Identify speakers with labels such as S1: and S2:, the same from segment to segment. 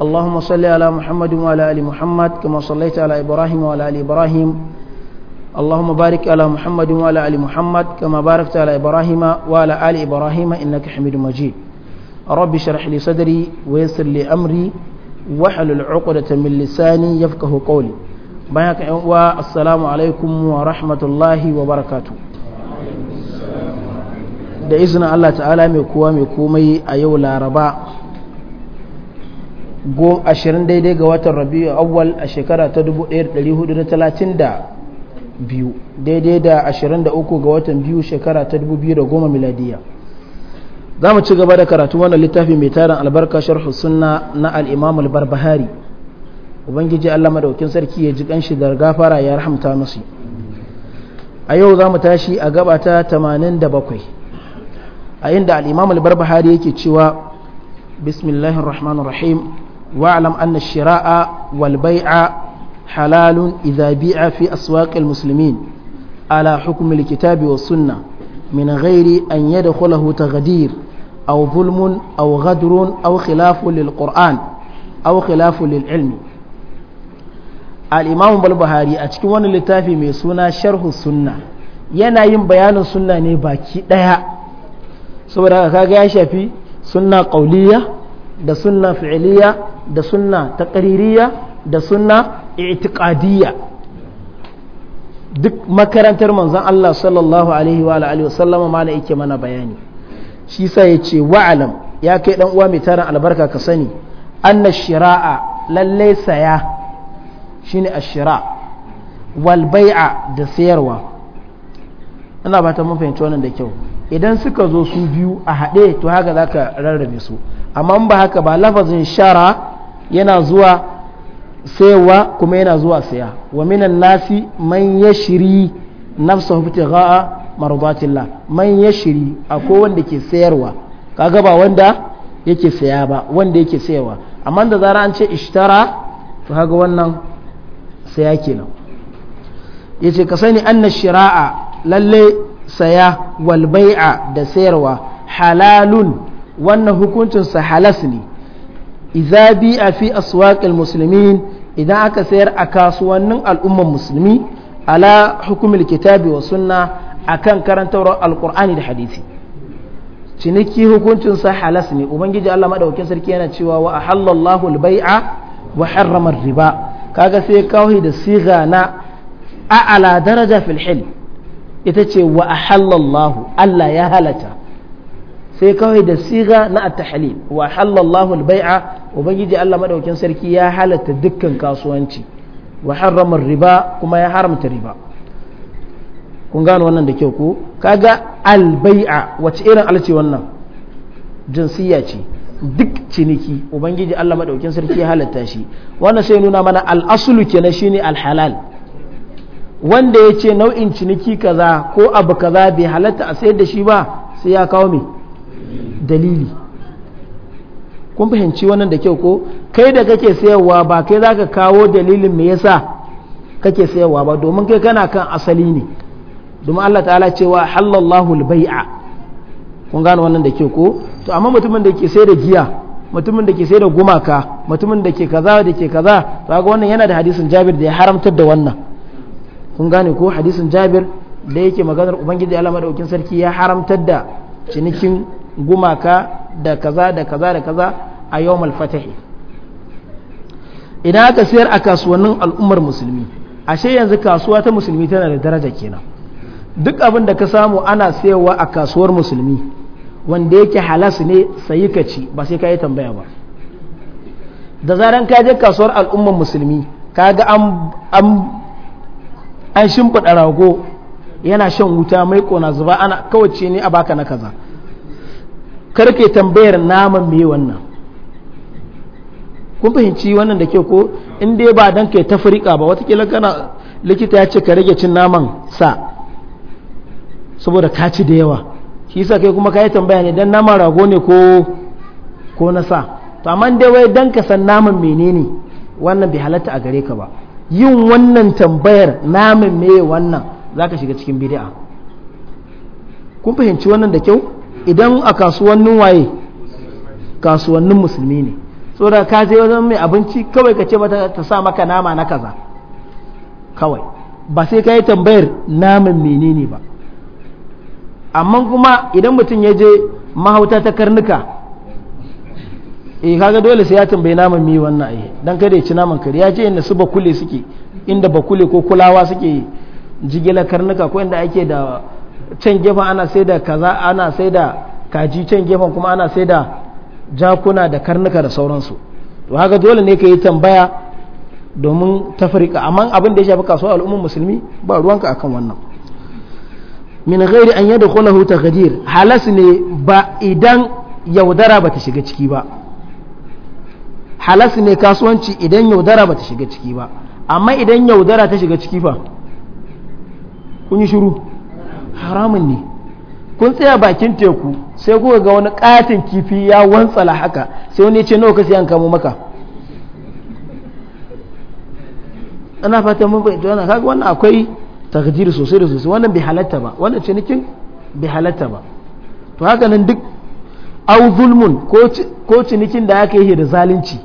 S1: اللهم صل على محمد وعلى آل محمد كما صليت على إبراهيم وعلى آل إبراهيم اللهم بارك على محمد وعلى آل محمد كما باركت على إبراهيم وعلى آل إبراهيم إنك حميد مجيد رب اشرح لي صدري ويسر لي أمري واحلل عقدة من لساني يفقه قولي بارك والسلام عليكم ورحمة الله وبركاته da izinin Allah ta'ala mai kowa mai komai a yau laraba ashirin daidai ga watan rabi'u awwal a shekara ta 1432 daidai da 23 ga watan biyu shekara ta 2010 miladiya za mu ci gaba da karatu wannan littafi mai tarin albarka sharhu sunna na al-imam al-barbahari ubangiji Allah madaukin sarki ya ji kanshi da gafara ya rahamta musu a yau za mu tashi a gaba ta 87 a inda al-imam al-barbahari yake cewa bismillahir rahmanir rahim واعلم أن الشراء والبيع حلال إذا بيع في أسواق المسلمين على حكم الكتاب والسنة من غير أن يدخله تغدير أو ظلم أو غدر أو خلاف للقرآن أو خلاف للعلم الإمام البهاري أتكي وانا لتافي ميسونا شرح السنة yana yin bayanin sunna ne baki ɗaya saboda kaga ya shafi sunna ƙauliya da sunna fi'iliya da sunna taqririya da sunna i'tiqadiyya duk makarantar manzon Allah sallallahu alaihi wa alihi wasallama mala yake mana bayani shi sa yace wa'alam ya kai dan uwa mai albarka ka sani anna shira'a lalle saya shine ashira wal bai'a da sayarwa ina ba ta mun fahimci wannan da kyau idan suka zo su biyu a haɗe to haka zaka rarrabe su amma ba haka ba lafazin shara yana zuwa sayawa kuma yana zuwa saya wa minan nasi man yashri nafsahu ga'a mardatillah man yashri akwai wanda ke sayarwa kaga ba wanda yake saya ba wanda yake sayarwa amma da zara an ce ishtara to haga wannan saya kenan yace ka sani anna shira'a lalle saya wal bai'a da sayarwa halalun wannan hukuncinsa halas ne idza bi a fi aswaqil muslimin idan aka sayar a kasuwannin al'umman musulmi ala hukumil kitabi wa sunna akan karantar alƙur'ani da hadisi ciniki hukuncinsa halas ne ubangiji Allah madaukakin sarki yana cewa wa ahallallahu al wa riba kaga sai kawai da siga na a'ala daraja fil hil ita ce wa ahallallahu Allah ya halata sai kawai da siga na at-tahlil wa halallahu al-bai'a ubangiji Allah madaukin sarki ya halatta dukkan kasuwanci wa harrama riba kuma ya haramta riba kun gano wannan da kyau ko kaga al-bai'a wace irin alce wannan jinsiya ce duk ciniki ubangiji Allah madaukin sarki ya halatta shi wannan sai nuna mana al-aslu kenan shine al-halal wanda ya ce nau'in ciniki kaza ko abu kaza bai halatta a sayar da shi ba sai ya kawo mi. dalili kun fahimci wannan da kyau ko kai da kake sayarwa ba kai za ka kawo dalilin me yasa kake sayarwa ba domin kai kana kan asali ne domin Allah ta'ala cewa halallahu al-bai'a kun gane wannan da kyau ko to amma mutumin da ke sayar da giya mutumin da ke sayar da gumaka mutumin da ke kaza da ke kaza to ga wannan yana da hadisin Jabir da ya haramtar da wannan kun gane ko hadisin Jabir da yake maganar ubangiji Allah madaukin sarki ya haramtar da cinikin gumaka da kaza da kaza da kaza a yawmal fatahi idan aka siyar a kasuwannin al'ummar musulmi ashe yanzu kasuwa ta musulmi tana da daraja kenan duk abin da ka samu ana sayarwa a kasuwar musulmi wanda yake halas ne sayi ka ci ba sai ka yi tambaya ba da zaran ka je kasuwar al'ummar musulmi ka ga an shimfiɗa rago yana shan wuta mai kona zuba ana kawace ne a baka na kaza karke tambayar naman me wannan kun fahimci wannan da ke ko in dai ba ka yi ta furika ba watakila kana likita ya ce ka rage cin naman sa saboda ka ci da yawa shi sa kai kuma ka yi tambaya ne don naman rago ne ko na sa to amma dai wai dan ka san naman menene wannan bai halatta a gare ka ba yin wannan tambayar naman me wannan za ka shiga cikin bid'a kun fahimci wannan da kyau idan a kasuwannin waye kasuwannin musulmi ne da ka je wajen mai abinci kawai ka ce mata ta sa maka nama na kaza kawai ba sai ka yi tambayar naman menene ba amma kuma idan mutum ya je mahauta ta karnuka eh kaga dole sai ya tambayi naman mi wannan ai dan kada ya ci naman kare ya je inda su bakule suke inda bakule ko kulawa suke jigilar karnuka ko inda ake da can gefen ana sai da kaza ana sai da kaji can gefen kuma ana sai da jakuna da karnuka da sauransu to haka dole ne ka yi tambaya domin tafrika amma abin da ya shafi kasuwar al'ummar musulmi ba ruwanka akan wannan min ghairi an yadkhulahu tagdir halas ne ba idan yaudara bata shiga ciki ba halas ne kasuwanci idan yaudara bata shiga ciki ba amma idan yaudara ta shiga ciki fa kun yi shiru haramun ne kun tsaya bakin teku sai kuka ga wani katin kifi ya wantsala haka sai wani ya ce nawa ka an kamo maka ana fatan mun bai dona kaga wannan akwai takdir sosai da sosai wannan bai halatta ba wannan cinikin bai halatta ba to haka nan duk au zulmun ko cinikin da aka yi da zalunci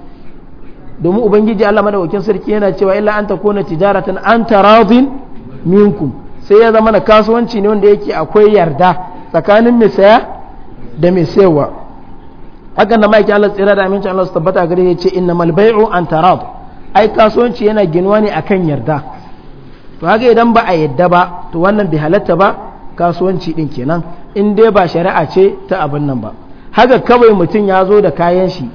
S1: domin ubangiji Allah madawakin sarki yana cewa illa an kuna tijaratan an radin minkum sai ya zama na kasuwanci ne wanda yake akwai yarda tsakanin mai saya da mai sayarwa hakan da maki Allah tsira da amincin Allah su tabbata gare ya ce inna malbai'u an tarab ai kasuwanci yana ginuwa ne akan yarda to haka idan ba a yadda ba to wannan bai halatta ba kasuwanci din kenan in dai ba shari'a ce ta abin nan ba haka kawai mutum ya zo da kayan shi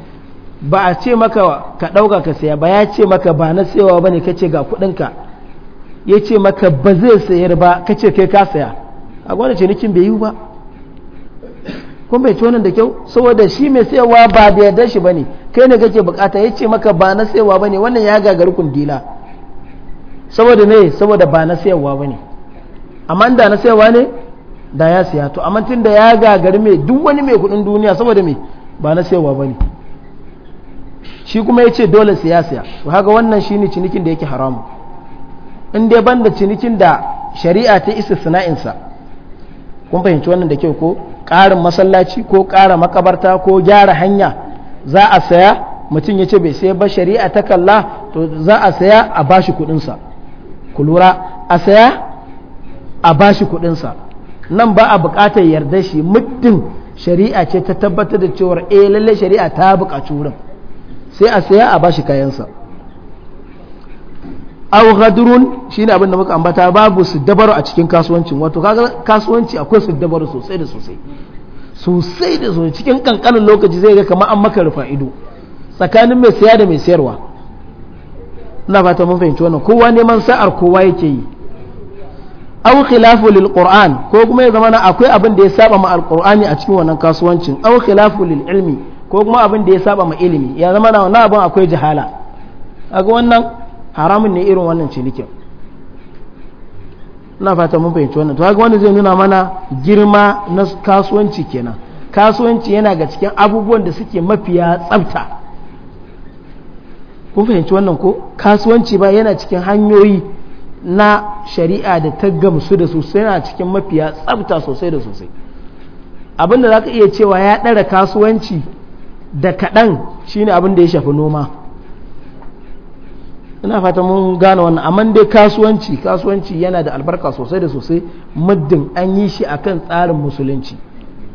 S1: ba a ce maka ka ɗauka ka saya ba ya ce maka ba na sayawa bane kace ga ce ka ya ce maka ba zai sayar ba ka ce kai ka saya a gwada cinikin bai yi ba kuma bai ci wannan da kyau saboda shi mai sayawa ba da yarda shi bane kai ne kake bukata ya ce maka ba na sayawa bane wannan ya gagari kundila saboda ne saboda ba na sayawa bane amma da na sayawa ne da ya siya to amma tun da ya gagari mai duk wani mai kudin duniya saboda me ba na sayawa bane shi kuma ya ce dole siya siya haka wannan shine cinikin da yake haramu in dai banda cinikin da shari'a ta isa sana'insa kun fahimci wannan da kyau ko ƙarin masallaci ko ƙara makabarta ko gyara hanya za a saya mutum ya ce bai sai ba shari'a ta kalla to za a saya a bashi kuɗinsa ku lura a saya a bashi kuɗinsa nan ba a buƙatar yarda shi muddin shari'a ce ta tabbatar da cewar eh lallai shari'a ta buƙaci wurin sai a saya a bashi kayansa aw ghadrun shine abin da muka ambata babu su dabaru a cikin kasuwancin wato kaga kasuwanci akwai su dabaru sosai da sosai sosai da sosai cikin kankanin lokaci zai ga kamar an maka rufa ido tsakanin mai saya da mai sayarwa ina fata mun fahimci wannan kowa neman sa'ar kowa yake yi aw khilafu lil qur'an ko kuma ya zama na akwai abin da ya saba ma alqur'ani a cikin wannan kasuwancin aw khilafu lil ilmi ko kuma abin da ya saba ma ilimi ya zama na wannan abin akwai jahala aga wannan haramun ne irin wannan cinikin na fata mun fahimci wannan to haka wanda zai nuna mana girma na kasuwanci kenan kasuwanci yana ga cikin abubuwan da suke mafiya tsafta kun fahimci wannan ko kasuwanci ba yana cikin hanyoyi na shari'a da ta gamsu da sosai yana cikin mafiya tsafta sosai da sosai abinda za ka iya cewa ya ɗara kasuwanci da kaɗan shine abin da ya shafi noma ina fata mun gane wannan amma dai kasuwanci kasuwanci yana da albarka sosai da sosai muddin an yi shi akan tsarin musulunci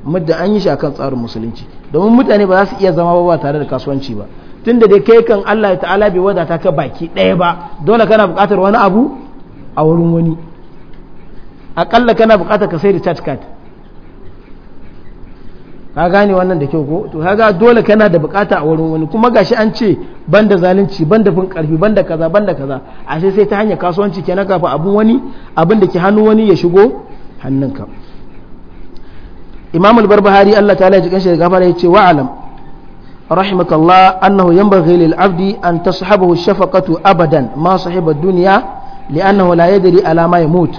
S1: muddin an yi shi akan tsarin musulunci domin mutane ba za su iya zama ba tare da kasuwanci ba tunda dai kai kan Allah ta'ala bai wadata ka baki ɗaya ba dole kana buƙatar wani abu a wurin wani akalla kana buƙatar ka sai da chat card ka gane wannan da kyau ko to kaga dole kana da bukata a wurin wani kuma gashi an ce banda zalunci banda fin karfi banda kaza banda kaza ashe sai ta hanyar kasuwanci kenan kafin abun wani abin da ke hannu wani ya shigo hannunka imam al-barbahari Allah ta'ala ya ji kanshi da gafara ya ce wa'alam rahimakallah annahu yanbaghi lil abdi an tashabahu shafaqatu abadan ma sahiba dunya li'annahu la yadri ala ma yamut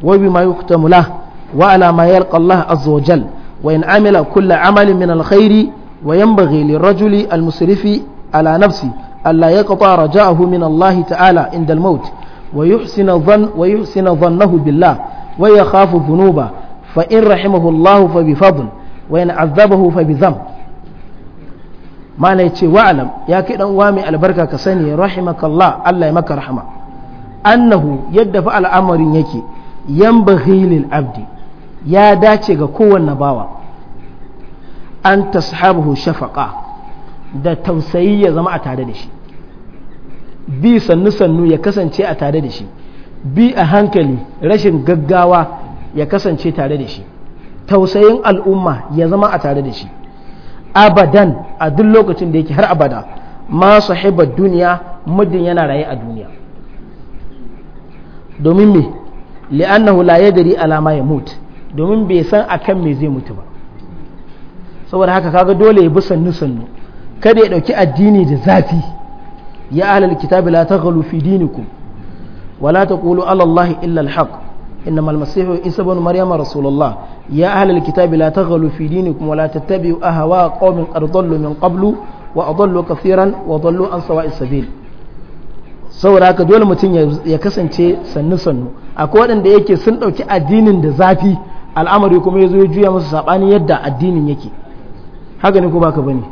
S1: wa bima yuktamu wa ala ma yalqa Allah azza wa jalla وإن عمل كل عمل من الخير وينبغي للرجل المسرف على نفسه ألا يقطع رجاءه من الله تعالى عند الموت ويحسن ظن ويحسن ظنه بالله ويخاف ذنوبه فإن رحمه الله فبفضل وإن عذبه فبذنب ما نيتي واعلم يا كده وامي البركة كسني رحمك الله الله يمك رحمة أنه يدفع الأمر يكي ينبغي للعبد ya dace ga kowanne bawa an tashabahu shafaƙa da tausayi ya zama a tare da shi bi sannu sannu ya kasance a tare da shi bi a hankali rashin gaggawa ya kasance tare da shi tausayin al'umma ya zama a tare da shi abadan a duk lokacin da yake har abada ma sahibar duniya muddin yana raye a duniya domin me li'annahu la yadri alama ya mutu domin bai san akan kan zai mutu ba saboda haka kaga dole ya bi sannu sannu kada ya dauki addini da zafi ya ahlal kitabi la taghalu fi dinikum wala taqulu ala illa al haqq inma al masih isa ibn maryam rasulullah ya ahlal kitabi la taghalu fi dinikum wala tattabi'u ahwa qawmin qad dhallu min qablu wa adallu kathiran an sawa'is sabil saboda haka dole mutum ya kasance sannu sannu akwai waɗanda yake sun ɗauki addinin da zafi al'amari kuma ya zo ya juya masa saɓani yadda addinin yake haka ne ko baka bane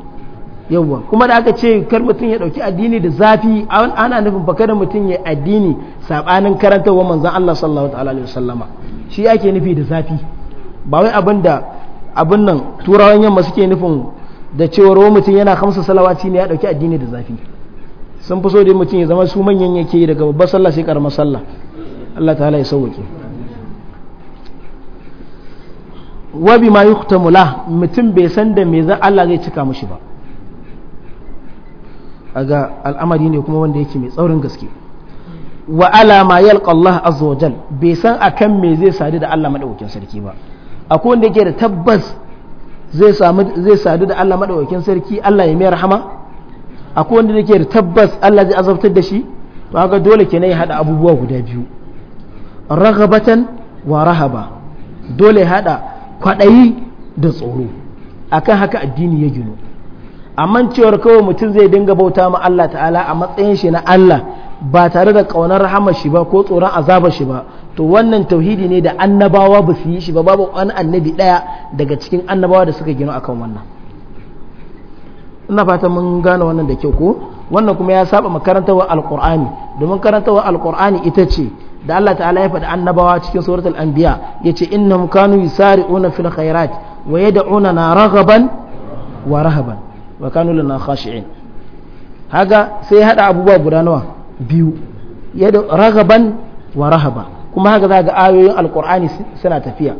S1: yawwa kuma da aka ce kar mutum ya dauki addini da zafi ana nufin baka da mutum ya addini saɓanin karantarwa manzon Allah sallallahu alaihi wasallama shi ake nufi da zafi ba wai abinda abin nan turawan yamma suke nufin da cewa wa mutum yana kamsa salawati ne ya dauki addini da zafi sun fi so da mutum ya zama su manyan yake daga babbar sallah sai karamar sallah Allah ta'ala ya sauwake wa ma yuktamu la mutum bai san da me za Allah zai cika mushi ba aga al'amari ne kuma wanda yake mai tsaurin gaske wa ala ma yalqa Allah azza wa jal bai san akan me zai sadu da Allah madaukakin sarki ba akwai wanda yake da tabbas zai samu zai sadu da Allah madaukakin sarki Allah ya mai rahama akwai wanda yake da tabbas Allah zai azabtar da shi to ga dole kenan ya hada abubuwa guda biyu ragabatan wa rahaba dole ya hada kwaɗayi da tsoro akan haka addini ya gino amma cewar kawai mutum zai dinga bauta ma Allah ta'ala a matsayin shi na Allah ba tare da ƙaunar rahama shi ba ko tsoron azabar shi ba to wannan tauhidi ne da annabawa ba su yi shi ba babu wani annabi ɗaya daga cikin annabawa da suka gino akan wannan ina fata mun gane wannan da kyau ko wannan kuma ya saba al alkur'ani domin al alkur'ani ita ce da Allah ta'ala ya faɗi annabawa cikin suratul anbiya yace innahum kanu una fil khairat wa una na raghaban wa rahaban wa kanu lana khashi'in haga sai hada abubuwa guda nawa biyu yadu ragaban wa rahaba kuma haka za ga ayoyin alkur'ani suna tafiya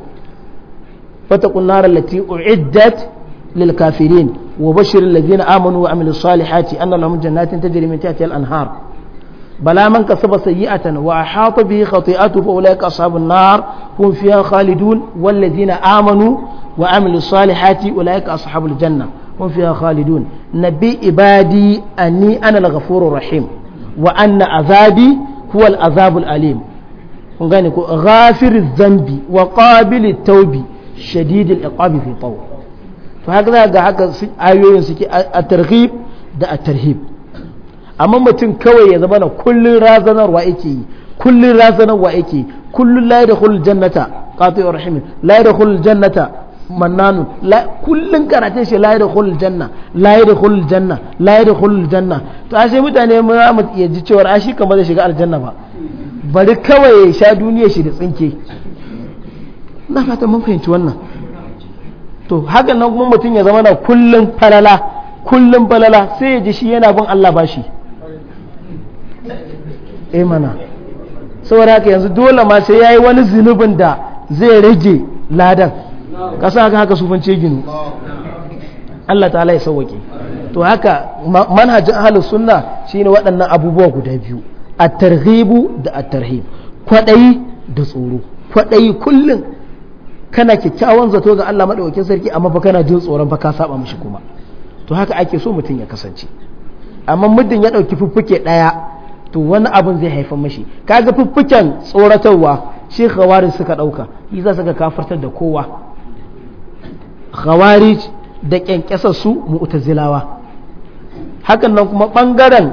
S1: fatakun nar allati uiddat lil kafirin wa bashir alladhina amanu wa amilus salihati anna lahum jannatin tajri min tahtiha al anhar بلا من كسب سيئة وأحاط به خطيئته فأولئك أصحاب النار هم فيها خالدون والذين آمنوا وعملوا الصالحات أولئك أصحاب الجنة هم فيها خالدون نبي عبادي أني أنا الغفور الرحيم وأن عذابي هو العذاب الأليم غافر الذنب وقابل التوب شديد العقاب في طول فهكذا هكذا آيوين سكي الترغيب ده الترهيب amma mutum kawai ya zama na kullun razanarwa yake yi kullun razanarwa yake yi kullun la yadkhul jannata qati'ur rahim la yadkhul jannata mannanu kullun karatun shi la yadkhul janna la yadkhul janna la yadkhul janna to ashe mutane mu za mu iya ji cewa ashi kamar zai shiga aljanna ba bari kawai ya sha duniya shi da tsinke na fata mun fahimci wannan to hakan nan kuma mutum ya zama na kullun falala kullun falala sai ya ji shi yana bin Allah bashi eh mana saboda haka yanzu dole ma sai ya yi wani zunubin da zai rage ladan kasa haka haka ce gino. Allah ta'ala ya sauwake to haka manhajin ahlus sunna shine waɗannan abubuwa guda biyu at-targhibu da at-tarhib da tsoro kwaɗayi kullum kana kyakkyawan zato ga Allah madaukakin sarki amma fa kana jin tsoron fa ka saba mishi kuma to haka ake so mutum ya kasance amma muddin ya ɗauki fuffuke ɗaya. to wani abin zai haifar mashi ka kaga fuffuken tsoratarwa shi khawari suka ɗauka yi za su ga kafartar da kowa khawari da kyankyasar su mu'tazilawa hakan nan kuma ɓangaren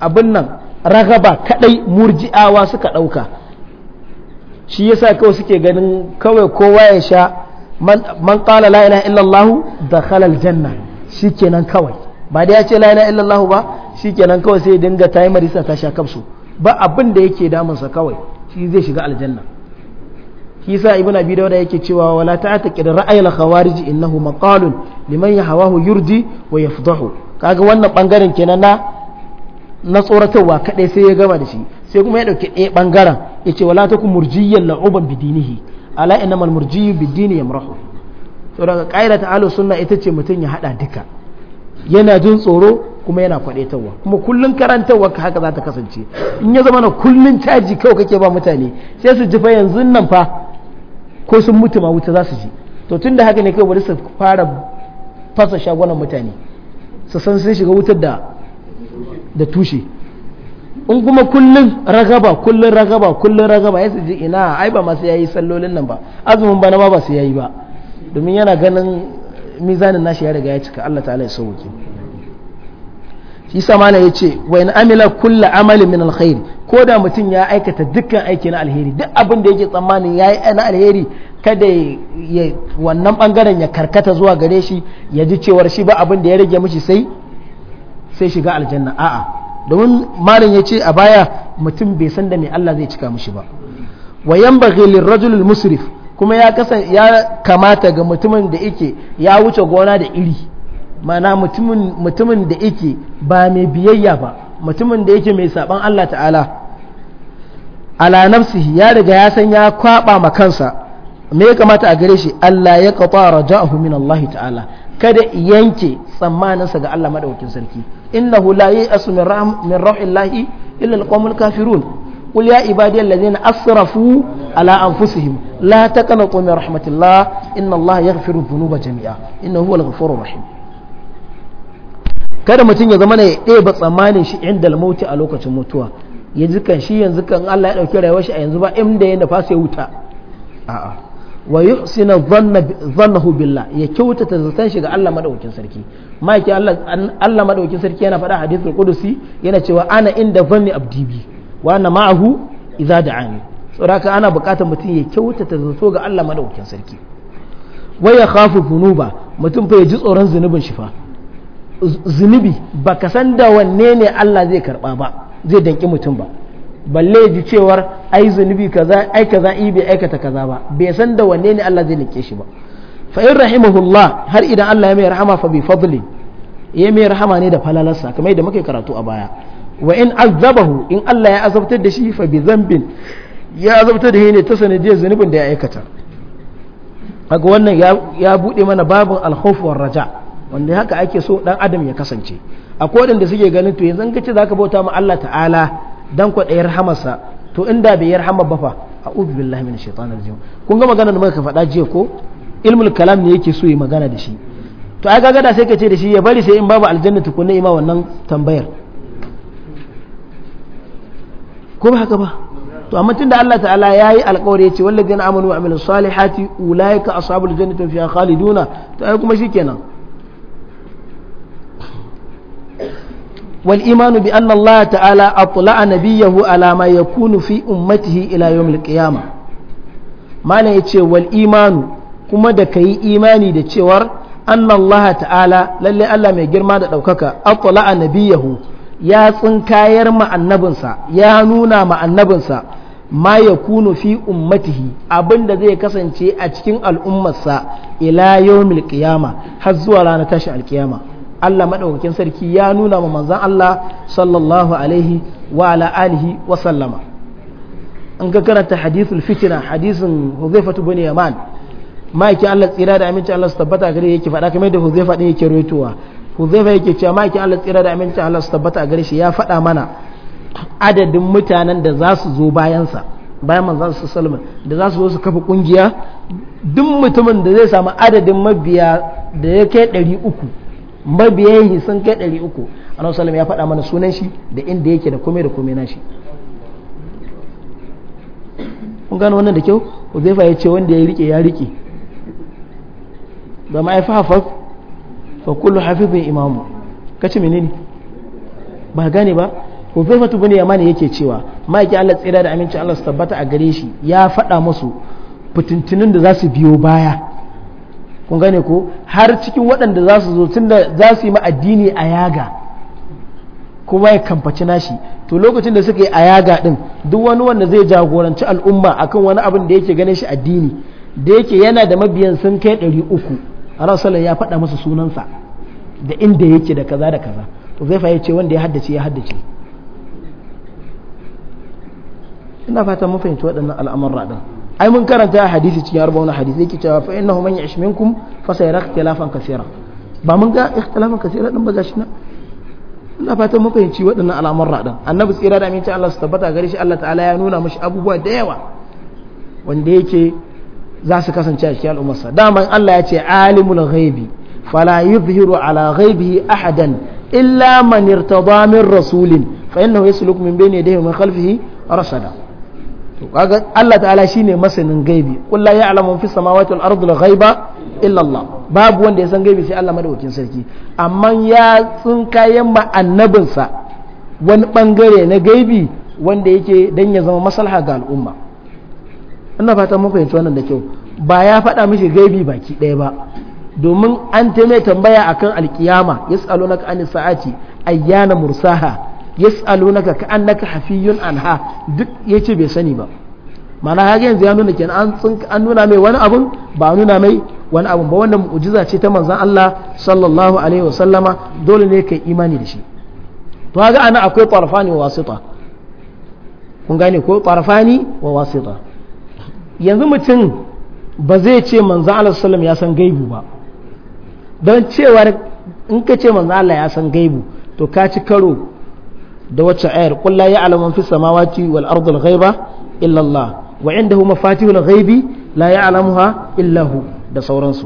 S1: abin nan ragaba kaɗai murji'awa suka ɗauka. shi yasa kawai suke ganin kawai kowa ya sha man qala la ilaha illallah dakhala aljanna kenan kawai ba da ya ce la ilaha illallah ba nan kawai sai dinga ta yi marisa ta sha kafsu ba abin da yake damunsa kawai shi zai shiga aljanna shi sa ibn abi dawuda yake cewa wala ta ta'taqid ra'ayil khawarij innahu maqalun liman yahawahu yurdi wa yafdahu kaga wannan bangaren kenan na na tsoratarwa kadai sai ya gama da shi sai kuma ya dauki ɗaya bangaren ya ce wala takum murjiyyan la'uban bidinihi ala innamal murjiyyu bidini yamrahu to daga qaida ta sunna ita ce mutun ya haɗa duka yana jin tsoro kuma yana kwadaitarwa kuma kullun karantarwa ka haka za ta kasance in ya zama na kullun caji kawai kake ba mutane sai su ji fa yanzu nan fa ko sun mutu ma wuta za su ji to tun da haka ne kawai bari su fara fasa shagunan mutane su san sun shiga wutar da tushe in kuma kullun ragaba kullun ragaba kullun ragaba ya su ji ina ai ba masu yayi sallolin nan ba azumin bana ba su yayi ba domin yana ganin mizanin nashi ya riga ya cika Allah ta'ala ya sauke shi sama ya ce wa in amila kulla amalin min alkhair ko da mutum ya aikata dukkan aiki na alheri duk abin da yake tsammanin ya yi na alheri kada ya wannan bangaren ya karkata zuwa gare shi ya ji cewar shi ba abin da ya rage mishi sai sai shiga aljanna a'a domin malin ya ce a baya mutum bai san da mai Allah zai cika mishi ba wa yanbaghi rajulul musrif kuma ya kasa ya kamata ga mutumin da yake ya wuce gona da iri mana mutumin da yake ba mai biyayya ba mutumin da yake mai saban Allah ta'ala ala nafsihi ya riga ya san ya kwaba ma kansa me ya kamata a gare shi Allah ya qata raja'ahu min Allah ta'ala kada yanke tsammaninsa ga Allah madaukakin sarki innahu la ya'asu min rahm illa alqawmul kafirun قل يا عبادي الذين أسرفوا على أنفسهم لا تقنطوا من رحمة الله إن الله يغفر الذنوب جميعا إنه هو الغفور الرحيم kada mutum ya zama ya ɗeba tsammanin shi inda almauti a lokacin mutuwa ya ji kan shi yanzu kan Allah ya ɗauki rayuwar shi a yanzu ba inda ya nufa sai wuta a'a wa yusina dhannahu billah ya kyautata zatan shi ga Allah madaukin sarki maki Allah Allah madaukin sarki yana faɗa al qudusi yana cewa ana inda zanni abdi bi wa ana ma'ahu idza da'ani saboda ana buƙatar mutum ya kyautata zato ga Allah madaukin sarki ya khafu dhunuba mutum fa ya ji tsoron zunubin shi fa zunubi ba ka san da wanne ne Allah zai karba ba zai danki mutum ba balle ji cewar ai zunubi kaza ai kaza i bai aikata kaza ba bai san da wanne ne Allah zai nake shi ba fa in rahimahullah har idan Allah ya mai rahama fa bi fadli ya mai rahama ne da falalarsa kamar yadda muke karatu a baya wa in azabahu in Allah ya azabtar da shi fa bi zambin ya azabtar da shi ne ta sanadiyar zunubin da ya aikata kaga wannan ya buɗe mana babin alkhawf war raja' wanda haka ake so dan adam ya kasance a kodin da suke ganin to yanzu kace zaka bauta ma Allah ta'ala dan da yarhamarsa to inda bai yarhamar ba fa a'udhu billahi minash shaitanir rajim kun ga maganar da muka faɗa jiya ko ilmul kalam ne yake so yi magana da shi to ai kaga da sai ka ce da shi ya bari sai in babu kun ne ima wannan tambayar ko ba haka ba to amma tunda Allah ta'ala yayi alƙawari yace wallazina amanu wa amilus salihati ulaika ashabul jannati fiha khaliduna to ai kuma shikenan والإيمان بأن الله تعالى أطلع نبيه على ما يكون في أمته إلى يوم القيامة ما نيتي والإيمان كما دكي إيماني دتشور أن الله تعالى للي ألا ما يجرم دوكك أطلع نبيه يا تنكاير مع النبنسا يا نونا مع النبنسا ma ya kunu fi ummatihi abin da zai kasance a cikin al'ummarsa ila yawmil qiyama har zuwa ranar tashi alkiyama Allah maɗaukakin sarki ya nuna ma manzan Allah sallallahu alaihi wa ala alihi wa sallama an ga karanta hadithul fitina hadisin Huzaifatu bin Yaman ma'aikin Allah tsira da aminci Allah su tabbata gare yake faɗa kamar da Huzaifa din yake rawaitowa Huzaifa yake cewa ma'aikin Allah tsira da aminci Allah su tabbata gare shi ya faɗa mana adadin mutanen da za su zo bayansa bayan manzan su salman da za su zo su kafa kungiya duk mutumin da zai samu adadin mabiya da ya kai ɗari uku mabiyayi sun kai ɗari uku annabi sallam ya faɗa mana sunan shi da inda yake da komai da komai shi. kun gano wannan da kyau uzaifa ya ce wanda ya rike ya rike ba ma fa hafaf fa kullu hafifin imamu kace menene ba gane ba uzaifa tu bane yamani yake cewa ma'aikin Allah tsira da amincin Allah su tabbata a gare shi ya faɗa musu fitintinin da za su biyo baya kun gane ko har cikin waɗanda za su zo tunda za su yi ma addini a yaga kuma ya kamfaci nashi to lokacin da suka yi a yaga din duk wani wanda zai jagoranci al'umma akan wani abin da yake ganin shi addini da yake yana da mabiyan sun kai ɗari uku a ya faɗa masa sunansa da inda yake da kaza da kaza to zai fahimci ce wanda ya haddace ya haddace ina fatan mun fahimci waɗannan al'amuran din. ai mun karanta hadisi cikin arba'un hadisi yake cewa fa innahu man ya'ish minkum fa sayara ikhtilafan kaseera ba mun ga ikhtilafan kaseera din ba gashi na Allah fata mun fahimci waɗannan al'amuran din annabi tsira da aminci Allah su tabbata gare shi Allah ta'ala ya nuna mishi abubuwa da yawa wanda yake za su kasance a cikin al'ummarsa daman Allah ya ce alimul ghaibi fala yuzhiru ala ghaibihi ahadan illa man irtada min rasulin fa innahu yasluku min bayni yadayhi wa min khalfihi rasada to kaga Allah ta'ala shine masanin gaibi qul la ya'lamu fi samawati wal ardi ghaiba illa Allah babu wanda ya san gaibi sai Allah madaukakin sarki amma ya tsinkayen ma annabinsa wani bangare na gaibi wanda yake dan ya zama maslaha ga al'umma ina fata mun fahimci wannan da kyau ba ya faɗa mishi gaibi baki ɗaya ba domin an ta tambaya akan alkiyama yas'alunaka anis sa'ati ayyana mursaha yas'alunaka ka annaka hafiyun anha duk yace bai sani ba mana haka yanzu ya nuna kenan an an nuna mai wani abun ba a nuna mai wani abun ba wannan mu'jiza ce ta manzon Allah sallallahu alaihi wasallama dole ne kai imani da shi to haka ana akwai tarfani wa wasita kun gane ko tarfani wa wasita yanzu mutum ba zai ce manzon Allah sallallahu ya san gaibu ba don cewa in ka ce manzon Allah ya san gaibu to ka ci karo da wacce ayar qul la ya'lamu fi samawati wal ardi al ghaiba illa Allah wa indahu mafatihul ghaibi la ya'lamuha illa hu da sauransu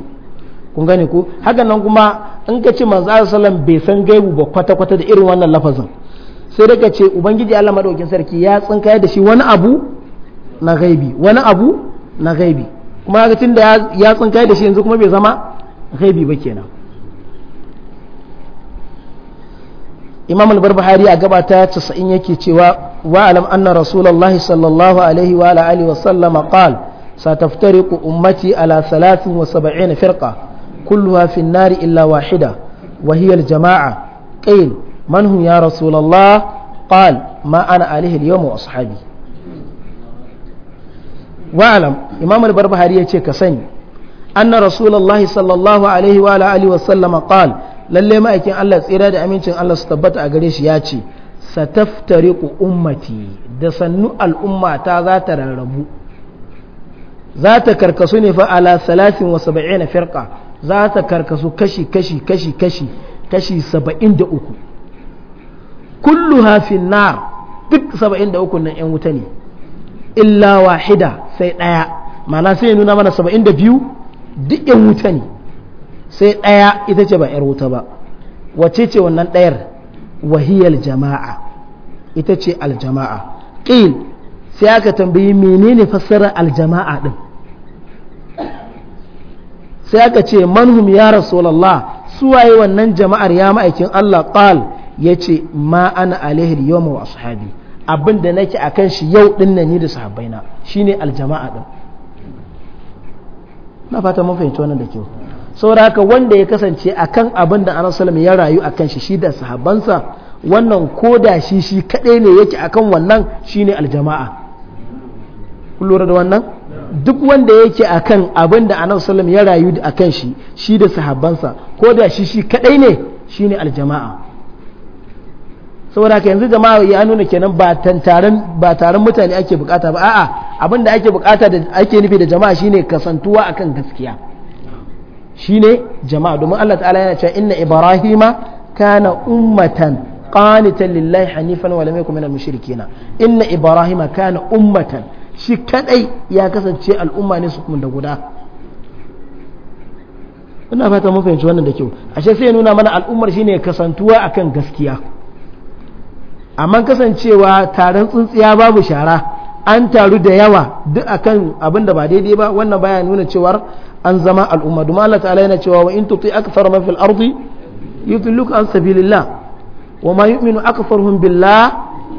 S1: kun gane ko haka nan kuma in ka ce manzo bai san gaibu ba kwata kwata da irin wannan lafazin sai daga ce ubangiji Allah madaukin sarki ya tsinkaya da shi wani abu na ghaibi wani abu na ghaibi kuma ga tunda ya tsinkaya da shi yanzu kuma bai zama ghaibi ba kenan imam al-barbahari a gabata ta 90 yake cewa wa alam anna rasulullah sallallahu alaihi wa ala alihi wa sallam qal sataftariqu ummati ala 73 firqa kulluha fi an illa wahida wa hiya al-jama'a qil man hum ya rasulullah qal ma ana alaihi al-yawm wa ashabi wa alam imam al-barbahari yace ka sani anna rasulullah sallallahu alaihi wa ala alihi wa sallam qal lalle ma'aikin Allah tsira da amincin Allah su tabbata a gare shi ya ce sataftariqu ummati da sannu al'umma ta za ta rarrabu za ta karkasu ne fa ala 73 firqa za ta karkasu kashi kashi kashi kashi kashi uku. kulluha hafin nar duk uku nan yan wuta ne illa wahida sai ɗaya, ma'ana sai nuna mana biyu duk yan wuta ne sai ɗaya ita ce ba 'yar wuta ba wace ce wannan ɗayar wahiyar jama'a ita ce aljama'a ƙil sai aka tambayi menene fassarar aljama'a ɗin sai aka ce manhum ya rasulallah suwaye wannan jama'ar ya ma'aikin Allah ƙal ya ce ma ana alaihi yawma wa ashabi abin da nake a kan shi yau ɗin nan ni da sahabbaina shine aljama'a ɗin na fata mun fahimci wannan da kyau saboda haka wanda ya kasance akan abin da annabi sallallahu ya rayu akan shi shi da sahabbansa wannan ko da shi shi kadai ne yake akan wannan shine aljama'a kun lura da wannan duk wanda yake akan abin da annabi sallallahu ya rayu akan shi shi da sahabbansa ko da shi shi kadai ne shine aljama'a saboda haka yanzu jama'a ya nuna kenan ba tantaren ba taron mutane ake bukata ba a'a abin da ake bukata da ake nufi da jama'a shine kasantuwa akan gaskiya shine jama'a domin Allah ta'ala yana cewa inna ibrahima kana ummatan qanitan lillahi hanifan wa lam yakun minal mushrikina inna ibrahima kana ummatan shi kadai ya kasance al'umma ne su kuma da guda ina fata mun fahimci wannan da kyau ashe sai nuna mana al'ummar shine kasantuwa akan gaskiya amma kasancewa taron tsuntsiya babu shara an taru da yawa duk akan abin da ba daidai ba wannan baya nuna cewar an zama al'umma duma Allah ta'ala yana cewa wa in tuti akthar man fil ardi yudilluka an sabilillah wa ma yu'minu aktharuhum billah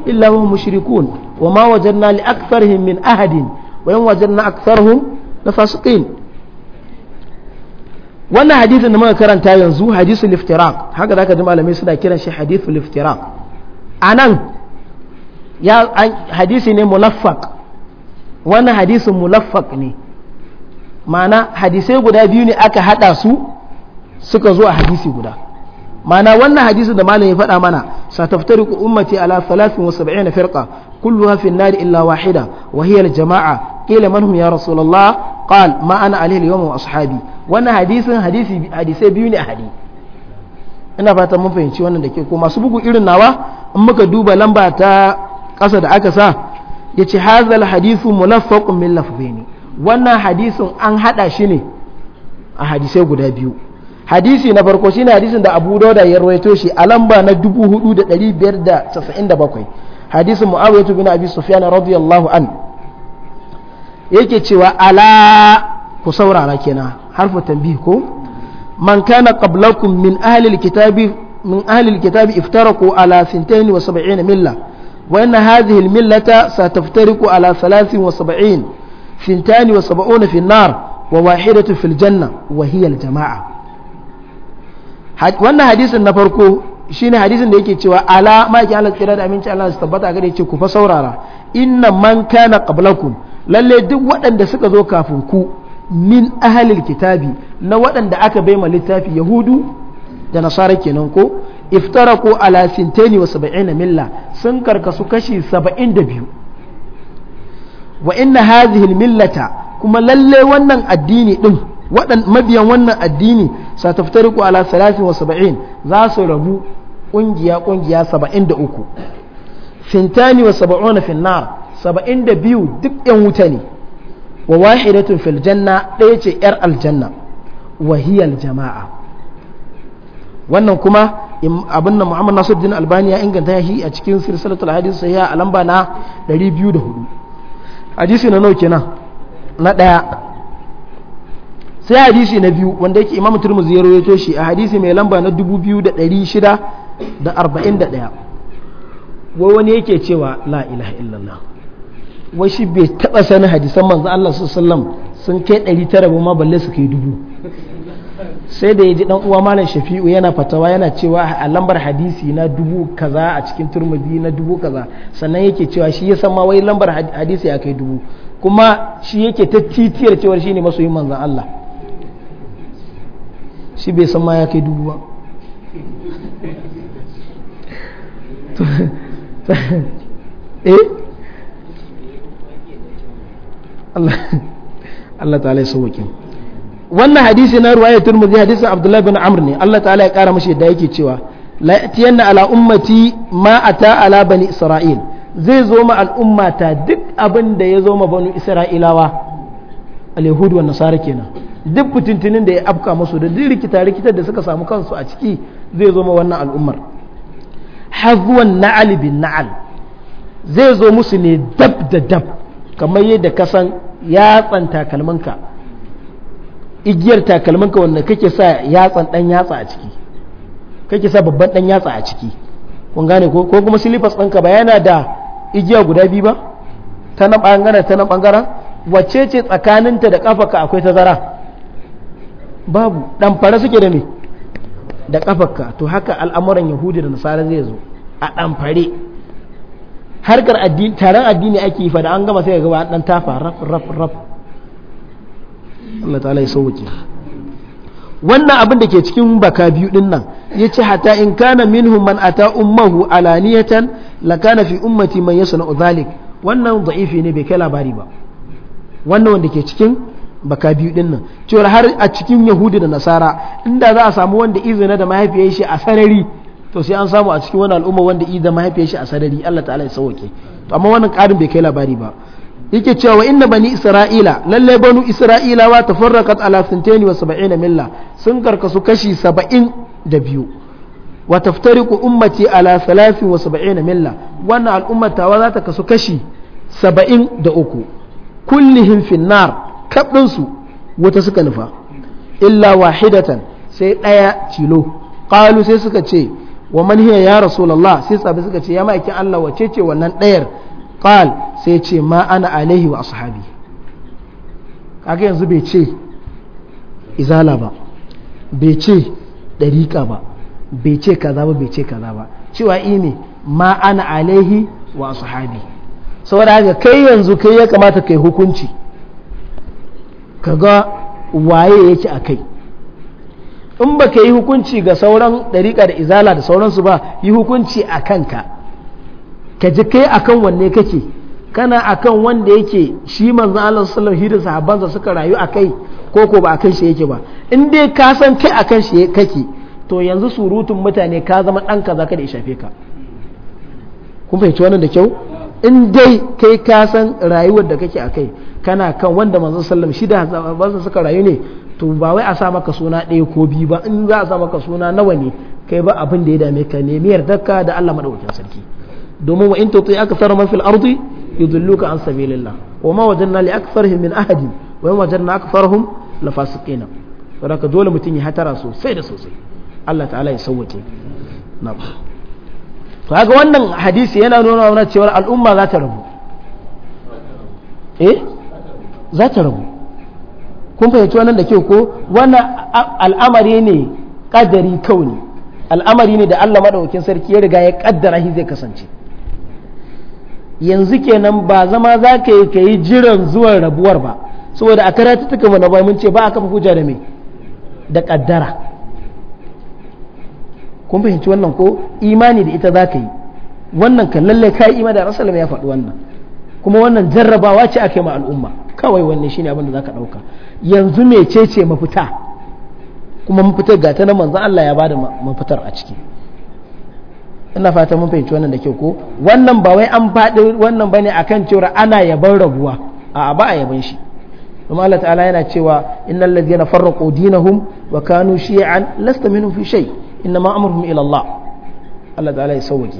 S1: illa hum mushrikun wa ma wajadna li aktharihim min ahadin wa in wajadna aktharuhum lafasiqin wannan hadisin da muka karanta yanzu hadisul iftiraq haka zaka ji malamai suna kiran shi hadisul iftiraq anan ya hadisi ne mulaffaq wannan hadisin mulaffaq ne ma'ana hadisai guda biyu ne aka hada su suka zo a hadisi guda ma'ana wannan hadisi da malam ya faɗa mana ku ummati ala 73 firqa kulluha fi an-nar illa wahida wa hiya al-jama'a qila man ya rasulallah qal ma ana alayhi al-yawma wa ashabi wannan hadisin hadisi hadisai biyu ne a hadi ina fatan mun fahimci wannan da ke ko masu bugu irin nawa in muka duba lamba ta ƙasa da aka sa yace hadha al-hadithu munaffaqun min lafzaini wannan hadisin an hada shi ne a hadisai guda biyu hadisi na farko shine hadisin da Abu Dawud ya rawaito shi a lamba na 4597 hadisin Muawiyah bin Abi Sufyan radiyallahu an yake cewa ala ku saurara kenan harfu tanbih ko man kana qablakum min ahli alkitabi من أهل الكتاب افترقوا على 72 ملة وإن هذه الملة ستفترق على 73 fintani wa saba'una fi wa wahidatu fil janna jama'a wannan hadisin na farko shine hadisin da yake cewa ala maki Allah tsira da aminci Allah su tabbata gare ce ku fa saurara inna man kana qablakum lalle duk waɗanda suka zo kafin ku min ahalil kitabi na waɗanda aka bai ma littafi yahudu da nasara kenan ko iftaraku ala sinteni wa saba'ina milla sun karkasu kashi saba'in da biyu wa inna hadhihi millata kuma lalle wannan addini din wadan mabiyan wannan addini sataftariqu ala 73 za su rabu kungiya kungiya 73 fintani wa 70 fin nar biyu duk yan wuta ne wa wahidatun fil janna ɗaya ce yar aljanna wa hiyal jama'a wannan kuma abin da Muhammad Nasiruddin Albani ya inganta shi a cikin silsilatul hadith sahiha a lamba na 204 hadisi na nauke na na ɗaya sai hadisi na biyu wanda yake imam turmuzi ya rawaito shi a hadisi mai lamba na 2641 wai wani yake cewa la ilaha illallah wai shi bai taɓa sani hadisan manzo Allah sallallahu alaihi wasallam sun kai 900 ba ma balle su kai dubu sai da ya ji dan uwa malam shafi'u yana fatawa yana cewa a lambar hadisi na dubu kaza a cikin turmudi na dubu kaza sannan yake cewa shi ya san ma wai lambar hadisi ya kai dubu kuma shi yake ta titiyar cewar ne masoyin manzan Allah shi bai san ma ya kai dubu ba eh Allah Allah ta'ala ya sauke mu wannan hadisi na ruwayar turmuzi hadisin abdullahi bin amr ne Allah ta'ala ya kara mashi da yake cewa la ala ummati ma ata ala bani isra'il zai zo ma al'ummata duk abin da ya zo ma bani isra'ilawa al-yahud wa nasara kenan duk fitintinin da ya afka musu da duk rikita rikitar da suka samu kansu a ciki zai zo ma wannan al'ummar hazwan na'al bin na'al zai zo musu ne dab da dab kamar yadda ka san ya tsanta kalmanka igiyar takalminka wanda kake sa yatsan dan yatsa a ciki kake sa babban dan yatsa a ciki kun gane ko kuma silifas ɗinka ba yana da igiya guda biyu ba ta na bangaren ta na bangara wacce ce tsakaninta da kafarka akwai tazara babu dan fara suke da me da kafarka to haka al'amuran yahudi da nasara zai zo a dan fare harkar addini taron addini ake yi fa da an gama sai ga gaba dan tafa raf raf raf Allah ta'ala ya sauke wannan abin da ke cikin baka biyu din nan yace hata in kana minhum man ata ummahu alaniyatan kana fi ummati man yasna'u dhalik wannan da'ifi ne bai kai labari ba wannan wanda ke cikin baka biyu din nan cewar har a cikin yahudi da nasara inda za a samu wanda izina da mahaifiyar shi a sarari to sai an samu a cikin wani al'umma wanda izina da mahaifiyar shi a sarari Allah ta'ala ya sauke to amma wannan karin bai kai labari ba yake cewa wa inna bani isra'ila lalle banu isra'ilawa tafarraqat ala 72 milla sun karkasu kashi biyu wa taftariqu ummati ala 73 milla wannan al'ummatawa za ta kasu kashi da uku. kullihim finnar kabdin su wata suka nufa illa wahidatan sai daya tilo qalu sai suka ce wa man hiya ya rasulullah sai sabi suka ce ya ma'aikin Allah wace ce wannan dayar qal sai ce ma ana alaihi wa ashabi kaga yanzu bai ce izala ba bai ce dariƙa ba bai ce kaza ba bai ce kaza ba cewa ne ma ana alaihi wa ashabi saboda haka kai yanzu kai ya kamata kai hukunci kaga waye yake a kai in ba ka yi hukunci ga sauran ɗariƙa da izala da sauransu ba yi hukunci a kanka ka ji kai akan wanne kake kana akan wanda yake shi manzon Allah sallallahu alaihi wasallam suka rayu akai ko ko ba akan shi yake ba in dai ka san kai akan shi kake to yanzu surutun mutane ka zama dan kaza ka da shafe ka kun fahimci wannan da kyau in dai kai ka san rayuwar da kake akai kana kan wanda manzon sallam shi da suka rayu ne to ba wai a sa maka suna ɗaya ko biyu ba in za a sa maka suna nawa ne kai ba abin da ya dame ka ne miyar dakka da Allah madaukakin sarki domin wa in tuti akthar man fil ardi yudilluka an sabilillah wa ma wajanna li aktharihim min ahadin wa in wajanna aktharahum la fasiqina saboda dole mutum ya hatara sosai da sosai Allah ta'ala ya sauwake na to haka wannan hadisi yana nuna mana cewa al'umma za ta rabu eh za ta rabu kun fahimci wannan da kyau ko wannan al'amari ne kadari kauni al'amari ne da Allah madaukakin sarki ya riga ya kaddara shi zai kasance yanzu kenan ba zama za ka yi ka yi jiran zuwan rabuwar ba saboda a karatuttuka mu na ba mun ce ba a kafa hujja da me da kaddara kun fahimci wannan ko imani da ita za ka yi wannan kan lallai ka yi imani da rasulullah ya faɗi wannan kuma wannan jarrabawa ce ake ma al'umma kawai wannan shine abin da ka ɗauka yanzu ce mafita kuma mafitar ga ta na manzon Allah ya bada mafitar a ciki ina fata mun fahimci wannan da ke ko wannan ba wai an faɗi wannan bane akan cewa ana yaban rabuwa a ba a yaban shi kuma Allah ta'ala yana cewa innal ladzina farraqu dinahum wa kanu shi'an lasta minhum fi shay inna ma amruhum ila Allah Allah ta'ala ya sauke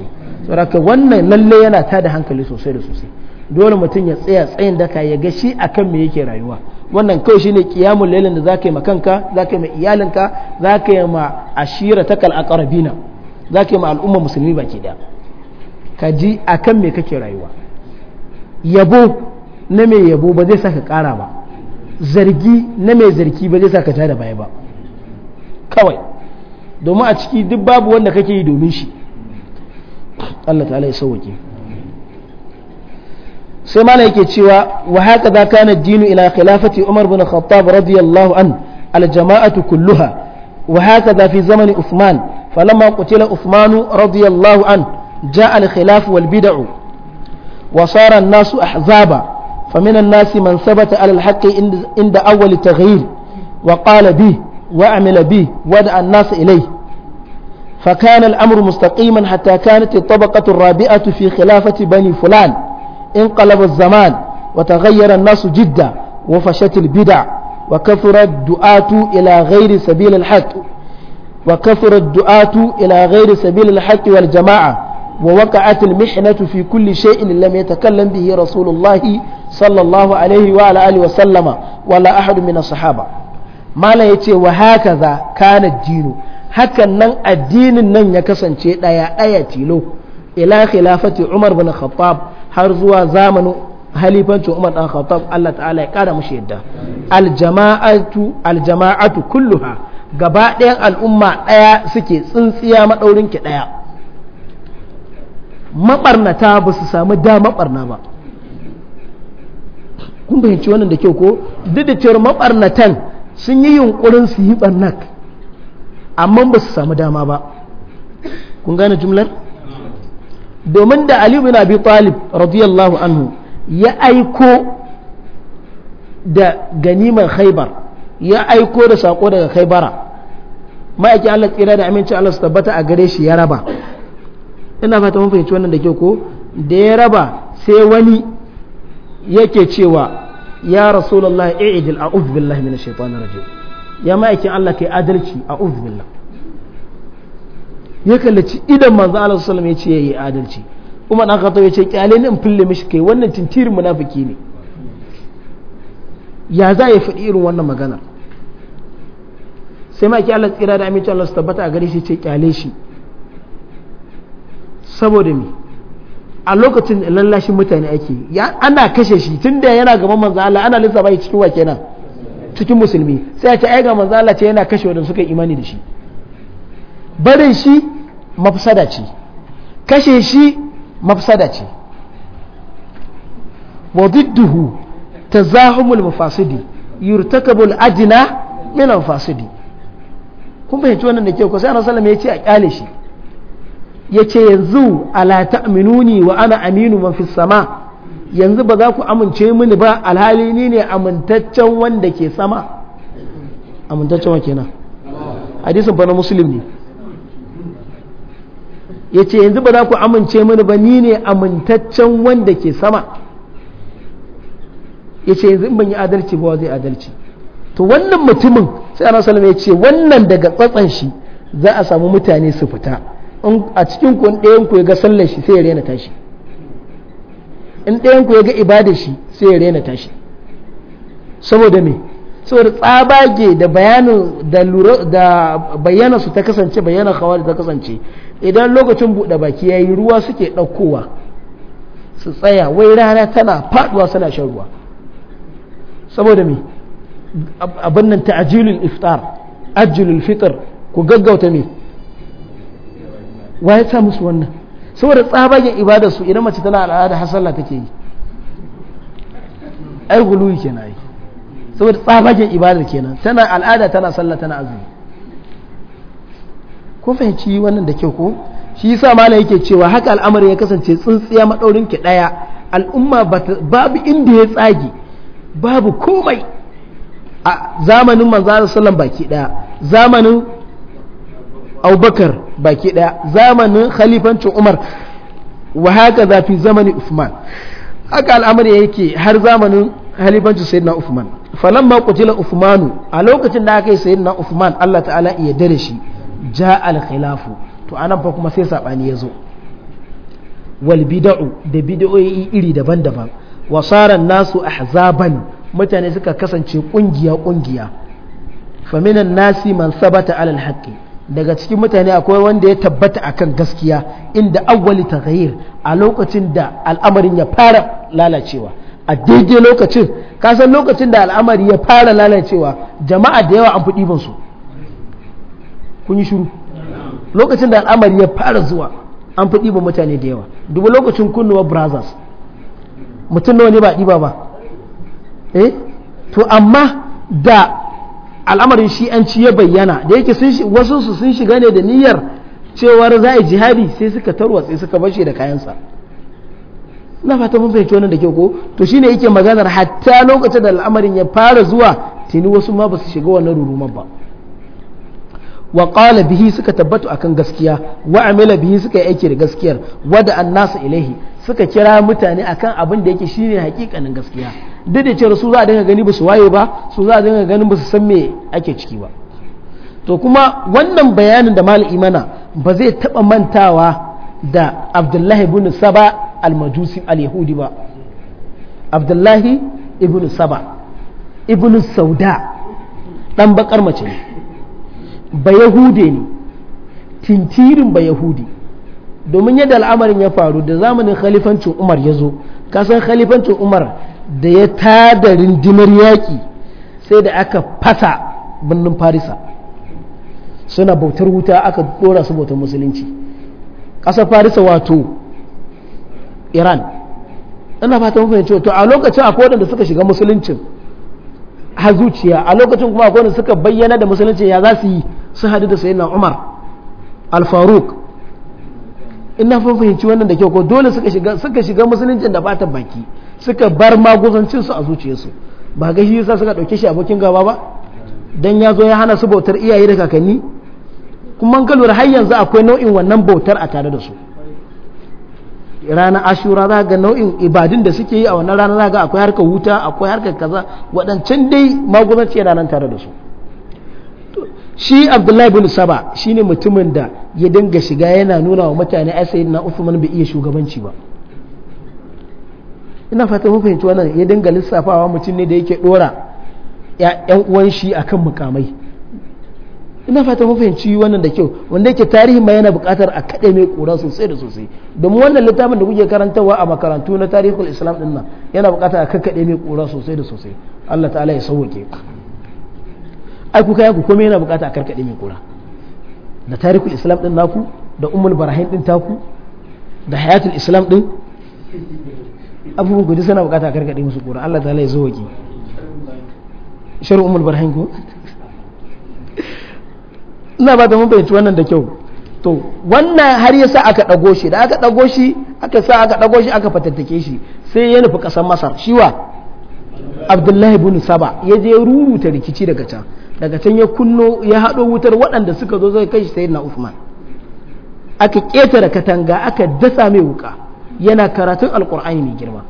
S1: saboda wannan lalle yana tada hankali sosai da sosai dole mutum ya tsaya tsayin daka ya ga shi akan me yake rayuwa wannan kawai shine qiyamul lailin da zaka yi ma kanka zaka yi ma iyalinka zakai yi ma ashira takal aqrabina za ka yi ma al'umma musulmi baki daya ka ji a kan me kake rayuwa yabo na mai yabo ba zai sa ka ƙara ba zargi na mai zargi ba zai sa ka tada baya ba kawai domin a ciki duk babu wanda kake yi domin shi Allah ta'ala ya sauwake sai mana yake cewa wa haka za kana dinu ila khilafati umar bin khattab radiyallahu an al jama'atu kulluha وهكذا في زمن عثمان فلما قتل عثمان رضي الله عنه جاء الخلاف والبدع وصار الناس أحزابا فمن الناس من ثبت على الحق عند أول تغيير وقال به وعمل به ودعا الناس إليه فكان الأمر مستقيما حتى كانت الطبقة الرابعة في خلافة بني فلان انقلب الزمان وتغير الناس جدا وفشت البدع وكثر الدعاة إلى غير سبيل الحق وكثر الدعاة إلى غير سبيل الحق والجماعة ووقعت المحنة في كل شيء لم يتكلم به رسول الله صلى الله عليه وعلى آله وسلم ولا أحد من الصحابة ما لا يتي وهكذا كان الدين هكذا الدين نن يكسن شيء لا يأتي له إلى خلافة عمر بن الخطاب har zuwa zamanin halifancin Umar ɗan Khattab Allah ta'ala ya ƙara mushi yadda aljama'atu aljama'atu kulluha gaba ɗayan al'umma ɗaya suke tsintsiya maɗaurin ki ɗaya maɓarnata ba su samu da maɓarna ba kun fahimci wannan da kyau ko duk da cewar maɓarnatan sun yi yunkurin su yi ɓarnak amma ba su samu dama ba kun gane jumlar domin da Ali bin Abi Talib radiyallahu anhu ya aiko da ganimar khaibar ya aiko da sako daga khaibara ma'aikin Allah tsira da amincin Allah su tabbata a gare shi ya raba ina fata mun fahimci wannan da ke ko da ya raba sai wani yake cewa ya rasulullahi i'dil a'udhu billahi minash shaitanir rajim ya ma'aikin Allah kai adalci a'udhu billah ya kallaci idan manzo Allah sallallahu alaihi wasallam ya ce yayi adalci umar dan khattab ya ce kyale ne in fille mishi kai wannan tintirin munafiki ne ya za ya faɗi irin wannan magana sai ma Allah tsira da aminci Allah su tabbata a gare shi ce kyale shi saboda me a lokacin lallashin mutane ake ana kashe shi tunda yana gaban manzo Allah ana lissafa cikin wa kenan cikin musulmi sai ta aiga manzo Allah ce yana kashe wadanda suka imani da shi barin shi mafsada ce kashe shi mafsada ce wa didduhu tazahumul mafasidi yurtakabul ajina min al-fasidi kun fahimci wannan da ke ko sai Annabi ya ce a kyale shi Ya ce yanzu ala ta'minuni wa ana aminu man sama yanzu ba za ku amince mini ba alhali ni ne amintaccen wanda ke sama amintaccen wa kenan hadisin bana na muslim ne ya ce yanzu ba za ku amince mini ba ni ne amintaccen wanda ke sama ya ce yanzu in ban yi adalci ba zai adalci to wannan mutumin sai ana salama ya ce wannan daga tsatsan shi za a samu mutane su fita a cikin ku ɗayan ku ya ga sallar shi sai ya rena tashi in ɗayan ku ya ga ibada shi sai ya rena tashi saboda me saboda tsabage da bayanin da bayyana ta kasance bayanan khawari ta kasance idan lokacin buɗe baki ya yi ruwa suke ɗaukowa su tsaya wai rana tana faɗuwa suna shan ruwa saboda me abin nan ta'ajilul iftar ajilul fitar ku gaggauta me wa ya sa musu wannan saboda tsabagen ibadarsu idan mace tana al'ada har sallah take yi ai guluwi kenan ai saboda tsabagen ibadar kenan tana al'ada tana sallah tana azumi ko fahimci wannan da kyau ko shi yasa malam yake cewa haka al'amarin ya kasance tsintsiya madaurin ki daya al'umma babu inda ya tsage babu komai a zamanin manzo sallam baki daya zamanin abubakar baki daya zamanin khalifancin umar wa haka za fi zamanin usman haka al'amari yake har zamanin halifancin sayyidina usman falamma qutila usmanu a lokacin da aka yi sayyidina usman Allah ta'ala ya dare shi ja al-khilafu to anan fa kuma sai sabani ya zo wal bid'u da bid'o'i iri daban-daban wa sara nasu ahzaban mutane suka kasance kungiya kungiya fa minan nasi man sabata ala al daga cikin mutane akwai wanda ya tabbata akan gaskiya inda awwali taghayyir a lokacin da al'amarin ya fara lalacewa a daidai lokacin kasan lokacin da al'amari ya fara lalacewa jama'a da yawa an fi ɗibansu su kun yi shiru lokacin da al'amari ya fara zuwa an fi ɗiba mutane da yawa dubu lokacin kunnuwa brothers mutum nawa ne ba ɗiba ba eh to amma da al'amarin shi ci ya bayyana da yake wasu su sun shiga ne da niyyar cewar za a jihadi sai suka tarwatse suka bashe da kayansa na fata mun fahimci wannan da ke ko to shine yake maganar hatta lokacin da al'amarin ya fara zuwa tuni wasu ma ba su shiga wannan rurumar ba wa qala bihi suka tabbatu akan gaskiya wa amila bihi suka yi aiki da gaskiyar wada annasu ilaihi suka kira mutane akan abin da yake shine hakikanin gaskiya duk da cewa su za a dinga gani ba su waye ba su za a dinga ganin ba su san me ake ciki ba to kuma wannan bayanin da mal imana ba zai taba mantawa da abdullahi ibn saba al-majusi al-yahudi ba abdullahi ibn saba ibn sauda dan bakar mace ne ba yahude ne tintirin ba Yahude, domin yadda al'amarin ya faru da zamanin khalifancin umar ya zo kasan khalifancin umar da ya tada rindimar yaƙi sai da aka fasa birnin farisa suna bautar wuta aka dora su bautar musulunci ƙasar farisa wato iran ina fata mafi fahimci to a lokacin akwai waɗanda suka shiga musuluncin har zuciya a lokacin kuma akwai waɗanda suka bayyana da musulunci ya za su yi su hadu da sayyidina umar al-faruq ina fa fahimci wannan da kyau ko dole suka shiga suka shiga musuluncin da bata baki suka bar maguzancin su a zuciyarsu ba ga shi yasa suka dauke shi abokin gaba ba dan ya zo ya hana su bautar iyaye da kakanni kuma an har yanzu akwai nau'in wannan bautar a tare da su ranar ashura za ga nau'in ibadun da suke yi a wannan ranar za ga akwai harkar wuta akwai harkar kaza waɗancan dai magudanci yana nan tare da su shi abdullahi bin saba shi ne mutumin da ya dinga shiga yana nuna wa mutane sayi na usman bai iya shugabanci ba ina fata mun fahimci wannan ya dinga lissafawa mutum ne da yake dora ƴan uwan shi akan mukamai ina fata mun fahimci wannan da kyau wanda yake tarihi ma yana bukatar a kaɗe mai ƙura sosai da sosai domin wannan littafin da kuke karantawa a makarantu na tarihul islam ɗin nan yana bukatar a kakkaɗe mai kura sosai da sosai Allah ta'ala ya sauke ai ku kayan ku komai yana bukata a karkade mai kura da tarikul islam din naku da ummul barahim din taku da hayatul islam din abubuwan gudu suna bukata a karkade musu kura Allah ta ya zo waki shirin ummul barahim ko ina ba ta mun bayyanci wannan da kyau to wannan har ya sa aka ɗago shi da aka ɗago shi aka sa aka ɗago shi aka fatattake shi sai ya nufi ƙasar masar shiwa abdullahi bin saba ya je rubuta rikici daga can daga can ya kunno ya haɗo wutar waɗanda suka zo zai kai shi na Uthman aka ƙetare katanga aka dasa mai wuka yana karatun alƙur'ani mai girma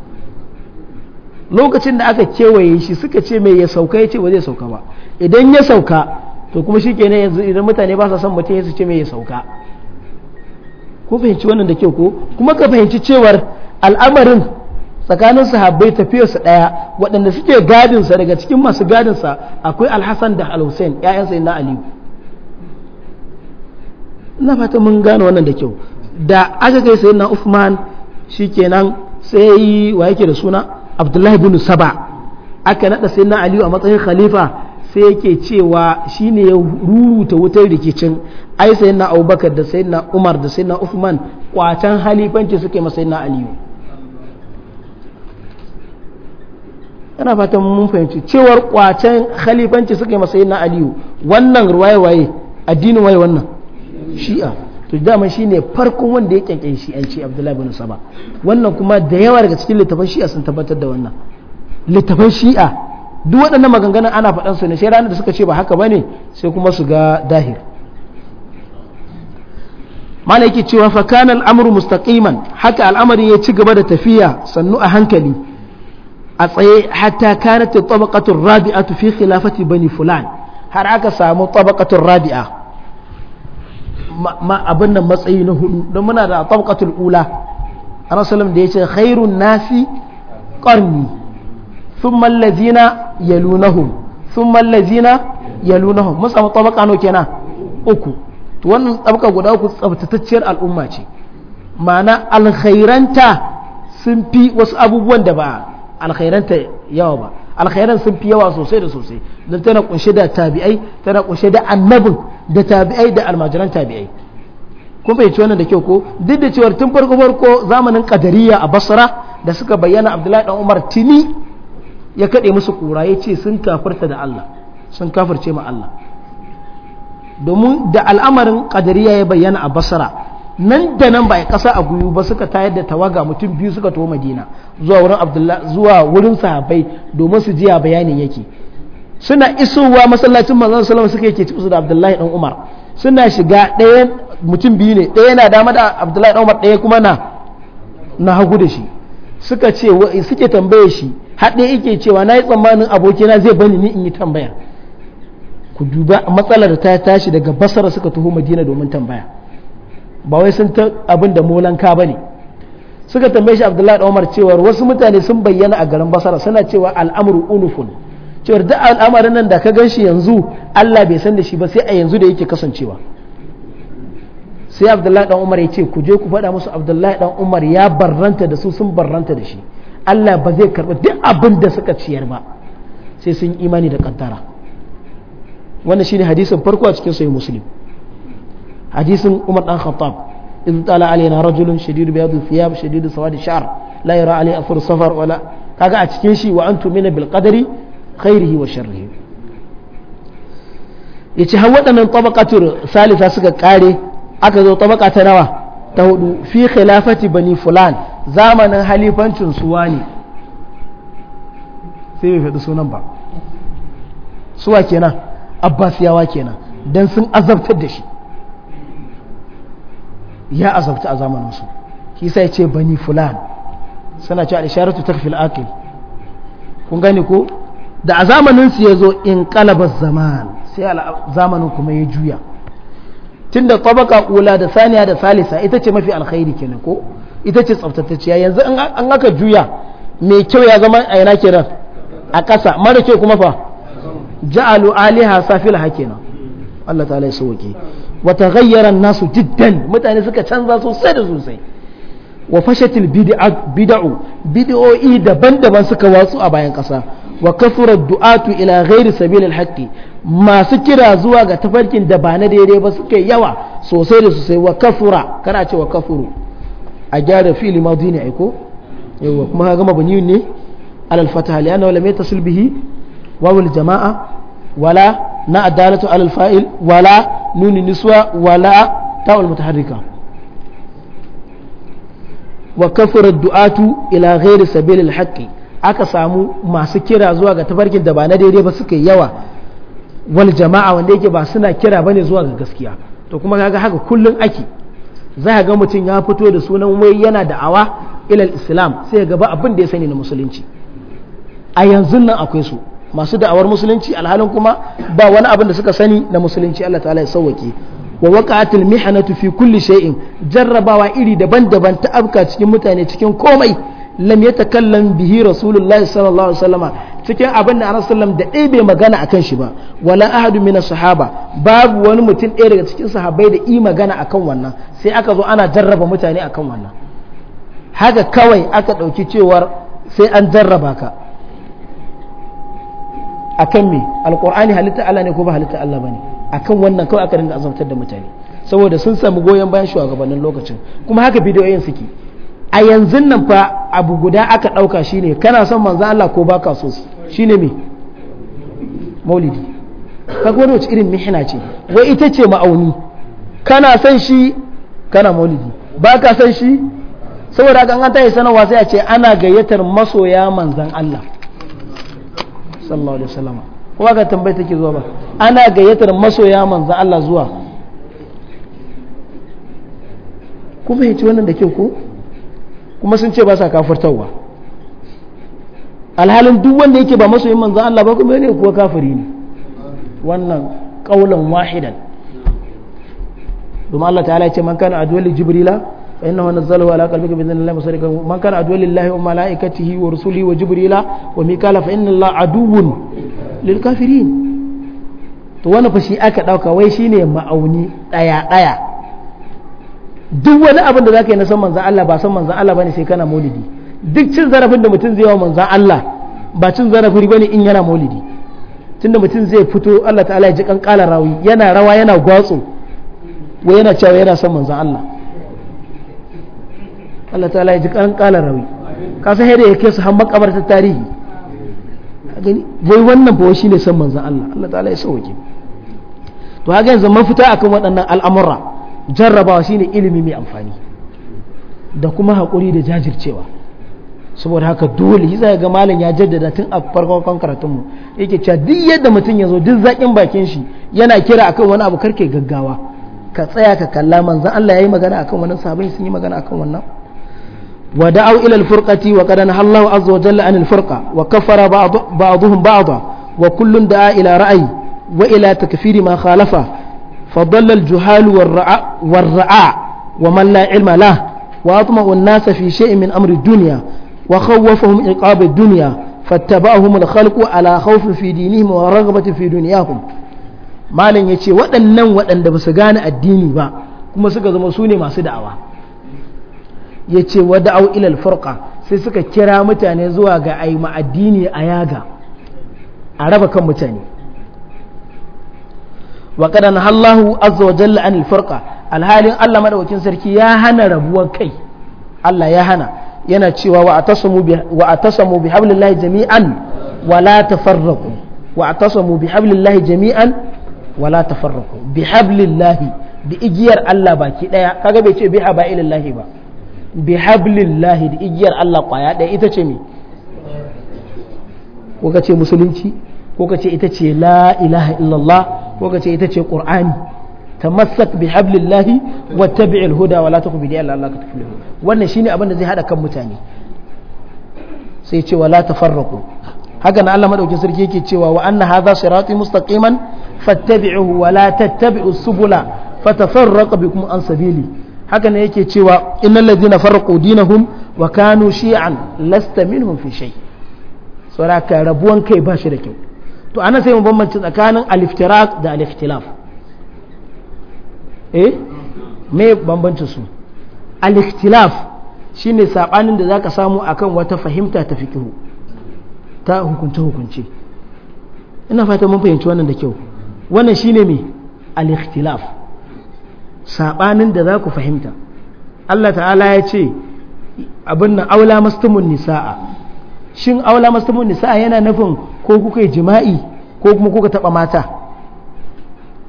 S1: lokacin da aka kewaye shi suka ce mai ya sauka ya ce ba zai sauka ba idan ya sauka to kuma shi kenan yanzu idan mutane ba sa son mutum ya su ce mai ya sauka ko fahimci wannan da kyau ko kuma ka fahimci cewar al'amarin tsakanin sahabbai tafiyarsa ɗaya waɗanda suke gadinsa daga cikin masu gadinsa akwai alhassan da alhussein sai na aliyu na fata mun gano wannan da kyau da aka kai sayi na uthman kenan sai wa yake da suna abdullahi bin saba aka naɗa sayi na aliyu a matsayin khalifa sai yake cewa shine ya ruruta wutar rikicin ai sayi na abubakar da sayi na umar da sayi na uthman kwacen halifanci suke masai na aliyu yana fatan mun fahimci cewar kwacen khalifanci suka yi masa na aliyu wannan ruwaye waye addinin waye wannan shi'a to dama ne farkon wanda ya kyankyan shi'anci abdullahi bin saba wannan kuma da yawa daga cikin littafan shi'a sun tabbatar da wannan littafan shi'a duk waɗannan maganganun ana faɗan su ne sai ranar da suka ce ba haka bane sai kuma su ga dahir mana yake cewa fa kana al'amru mustaqiman haka al'amarin ya ci gaba da tafiya sannu a hankali a tsaye hatta kanat tabaqatur rabi'atu fi khilafati bani fulan har aka samu tabaqatur rabi'a ma abin nan matsayi na hudu don muna da tabaqatul ula rasulullah da yace khairun nasi qarni thumma allazina yalunahum thumma allazina yalunahum mun samu tabaqa no kenan uku to wannan tabaqa guda uku tsaftatacciyar al'umma ce ma'ana alkhairanta sun fi wasu abubuwan da ba alkhairanta yawa ba alkhairan sun fi yawa sosai da sosai don tana kunshe da tabi'ai tana kunshe da annabin da tabi'ai da almajiran tabi'ai kun fahimci wannan da kyau ko duk da cewar tun farko farko zamanin kadariya a basra da suka bayyana abdullahi dan umar tini ya kaɗe musu kura ya ce sun kafirta da allah sun kafirce ma allah domin da al'amarin kadariya ya bayyana a basra nan da nan ba a kasa a guyu ba suka tayar da tawaga mutum biyu suka taho madina zuwa wurin abdullah zuwa wurin sahabbai domin su jiya bayanin yake suna isowa masallacin manzon sallallahu suka yake cikin da abdullahi dan umar suna shiga ɗaya mutum biyu ne ɗaya na dama da abdullahi dan umar ɗaya kuma na na hagu da shi suka ce suke tambaye shi haɗe yake cewa na yi tsammanin abokina zai bani ni in yi tambaya ku duba matsalar ta tashi daga basara suka taho madina domin tambaya ba wai sun ta abin da molanka ba ne suka tambaye shi abdullahi da umar cewar wasu mutane sun bayyana a garin basara suna cewa al'amuru unufun cewar duk al'amarin nan da ka gan shi yanzu allah bai san da shi ba sai a yanzu da yake kasancewa sai abdullahi dan umar ya ce ku je ku faɗa musu abdullahi dan umar ya barranta da su sun barranta da shi allah ba zai karɓi duk abin da suka ciyar ba sai sun imani da kaddara wannan shine hadisin farko a cikin sahih muslim hadisin Umar dan Khattab idh tala alaina rajulun shadidu biyadu thiyab shadidu sawadi sha'r la yara alai athar safar wala kaga a cikin shi wa antum mina bil qadari khairihi wa sharrihi yace har waɗannan tabaqatul salisa suka kare aka zo tabaka ta nawa ta hudu fi khilafati bani fulani, zamanin halifancin suwa sai bai faɗi sunan ba suwa kenan abbasiyawa kenan dan sun azabtar da shi ya azabta a zamaninsu shi sai ce bani fulan suna cewa isharatu tarfil akil kun gane ko da a zamaninsu ya zo in kalabar zaman sai zamanin kuma ya juya Tunda da tabaka ula da saniya da salisa ita ce mafi alkhairi kenan ko ita ce tsaftatacciya yanzu an aka juya mai kyau ya zama a yana kiran a ƙasa mara kyau kuma fa ja'alu aliha safil hakina Allah ta ya sauke wa taghayyara nasu jiddan mutane suka canza sosai da sosai wa fashatil bid'u bid'o'i daban-daban suka watsu a bayan ƙasa wa kasura du'atu ila ghairi sabilil haqqi masu kira zuwa ga tafarkin da ba na daidai ba suke yawa sosai da sosai wa kasura kana ce wa kasuru a gyara fili madi ne aiko yawa kuma ka gama bani ne alal fataha li annahu lam yattasil bihi wa jama'a wala na adalatu alal fa'il wala nuni niswa wala ta'ul mutaharrika wa kafara du'atu ila ghairi sabilil aka samu masu kira zuwa ga tafarkin da ba na daidai ba suka yawa wal jama'a wanda yake ba suna kira bane zuwa ga gaskiya to kuma kaga haka kullun aki za ga mutum ya fito da sunan wai yana da'awa ilal islam sai ga ba abin da ya sani na musulunci a yanzu nan akwai su masu da'awar musulunci alhalin kuma ba wani abin da suka sani na musulunci Allah ta'ala ya sauwake wa waqa'atil mihnatu fi kulli shay'in jarrabawa iri daban-daban ta afka cikin mutane cikin komai lam yatakallam bihi rasulullahi sallallahu alaihi wasallama cikin abin da annabi sallam da ɗaya bai magana akan shi ba wala ahadu min sahaba babu wani mutum ɗaya daga cikin sahabbai da i magana akan wannan sai aka zo ana jarraba mutane akan wannan haka kawai aka ɗauki cewar sai an jarraba ka akan me alqur'ani halitta Allah ne ko ba halitta Allah bane akan wannan kawai aka dinga azabtar da mutane saboda sun samu goyon bayan shugabannin lokacin kuma haka bidiyoyin suke a yanzu nan fa abu guda aka dauka shine kana son manzo Allah ko baka so shine me maulidi ka wani wace irin mihina ce wai ita ce ma'auni kana son shi kana maulidi baka son shi saboda kan an ta yi sanarwa sai a ce ana gayyatar masoya manzan Allah sallallahu alaihi wasallam kuma ga tambayi take zuwa ba ana gayyatar masoya manzo Allah zuwa ku fahimci wannan da kyau ko kuma sun ce ba sa kafirtarwa alhalin duk wanda yake ba masoyin manzo Allah ba kuma ne kuwa kafiri ne wannan kaulan wahidan domin Allah ta'ala ya ce man kana adwali jibrila فإنه نزله على قلبك بإذن الله مصدقا من كان عدوا لله وملائكته ورسله وجبريل وميكال فإن الله عدو للكافرين to wani fashi aka ɗauka wai shine ma'auni ɗaya ɗaya duk wani abin da zaka yi na san manzan Allah ba san manzan Allah ba ne sai kana maulidi duk cin zarafin da mutum zai yi wa manzan Allah ba cin zarafin ba ne in yana maulidi Tun da mutum zai fito Allah ta'ala ya ji kankala rawi yana rawa yana gwatso wai yana cewa yana san manzan Allah Allah Ta ya ji kan kala rawi ka san da yake su su har ta tarihi gani wai wannan ba shi ne san manzon Allah Allah ta ya sauke to haka yanzu mafita akan waɗannan al'amura jarrabawa shine ilimi mai amfani da kuma haƙuri da jajircewa saboda haka dole zai ga malam ya jaddada tun a farkon karatun mu yake cewa duk yadda mutum ya zo duk zaƙin bakin shi yana kira akan wani abu karke gaggawa ka tsaya ka kalla manzon Allah ya yi magana akan wannan sabon sun yi magana akan wannan ودعوا إلى الفرقة وقد نهى الله عز وجل عن الفرقة وكفر بعض بعضهم بعضا وكل دعا إلى رأي وإلى تكفير ما خالفه فضل الجهال والرعاء والرعاء ومن لا علم له وأطمأ الناس في شيء من أمر الدنيا وخوفهم عقاب الدنيا فاتبعهم الخلق على خوف في دينهم ورغبة في دنياهم ما لن يتشي ودنن ودن دبس غان الديني با كما سكا زما سوني masu da'awa ya ce wada'au ilal furqa sai suka kira mutane zuwa ga ai ma'addini a yaga a raba kan mutane wa na Hallahu azza wa jalla anil furqa alhalin Allah madaukakin sarki ya hana rabuwar kai Allah ya hana yana cewa wa atasamu bi bi hablillahi jami'an wa la tafarraqu wa atasamu bi hablillahi jami'an wa la tafarraqu bi hablillahi bi igiyar Allah baki daya kaga bai ce bi ilallahi ba bi hablillahi da igiyar Allah kwaya ɗaya ita ce mi ko ka ce musulunci ko ka ce ita ce la ilaha illallah ko ka ce ita ce qur'ani tamassak bi hablillahi wattabi' al-huda wa la taku bi da'al Allah ka tuflihu wannan shine abin da zai hada kan mutane sai ce wala tafarraqu haka na Allah madaukin sarki yake cewa wa anna hadha sirati mustaqiman fattabi'uhu wa la tattabi'us subula fatafarraqu bikum an sabili haka ne yake cewa innal ladina farqu dinahum wa kanu shi'an lasta minhum fi shay saboda rabuwan kai ba shi da kyau to ana sai mu bambance tsakanin al da al eh me bambancin su al shine sabanin da zaka samu akan wata fahimta ta fikihu ta hukunce hukunce ina fata mun fahimci wannan da kyau wannan shine me al-ikhtilaf saɓanin da za ku fahimta Allah ta'ala ya ce abin nan aula mastumun nisa'a shin aula mastumun nisa'a yana nufin ko kuka yi jima'i ko kuma kuka taɓa mata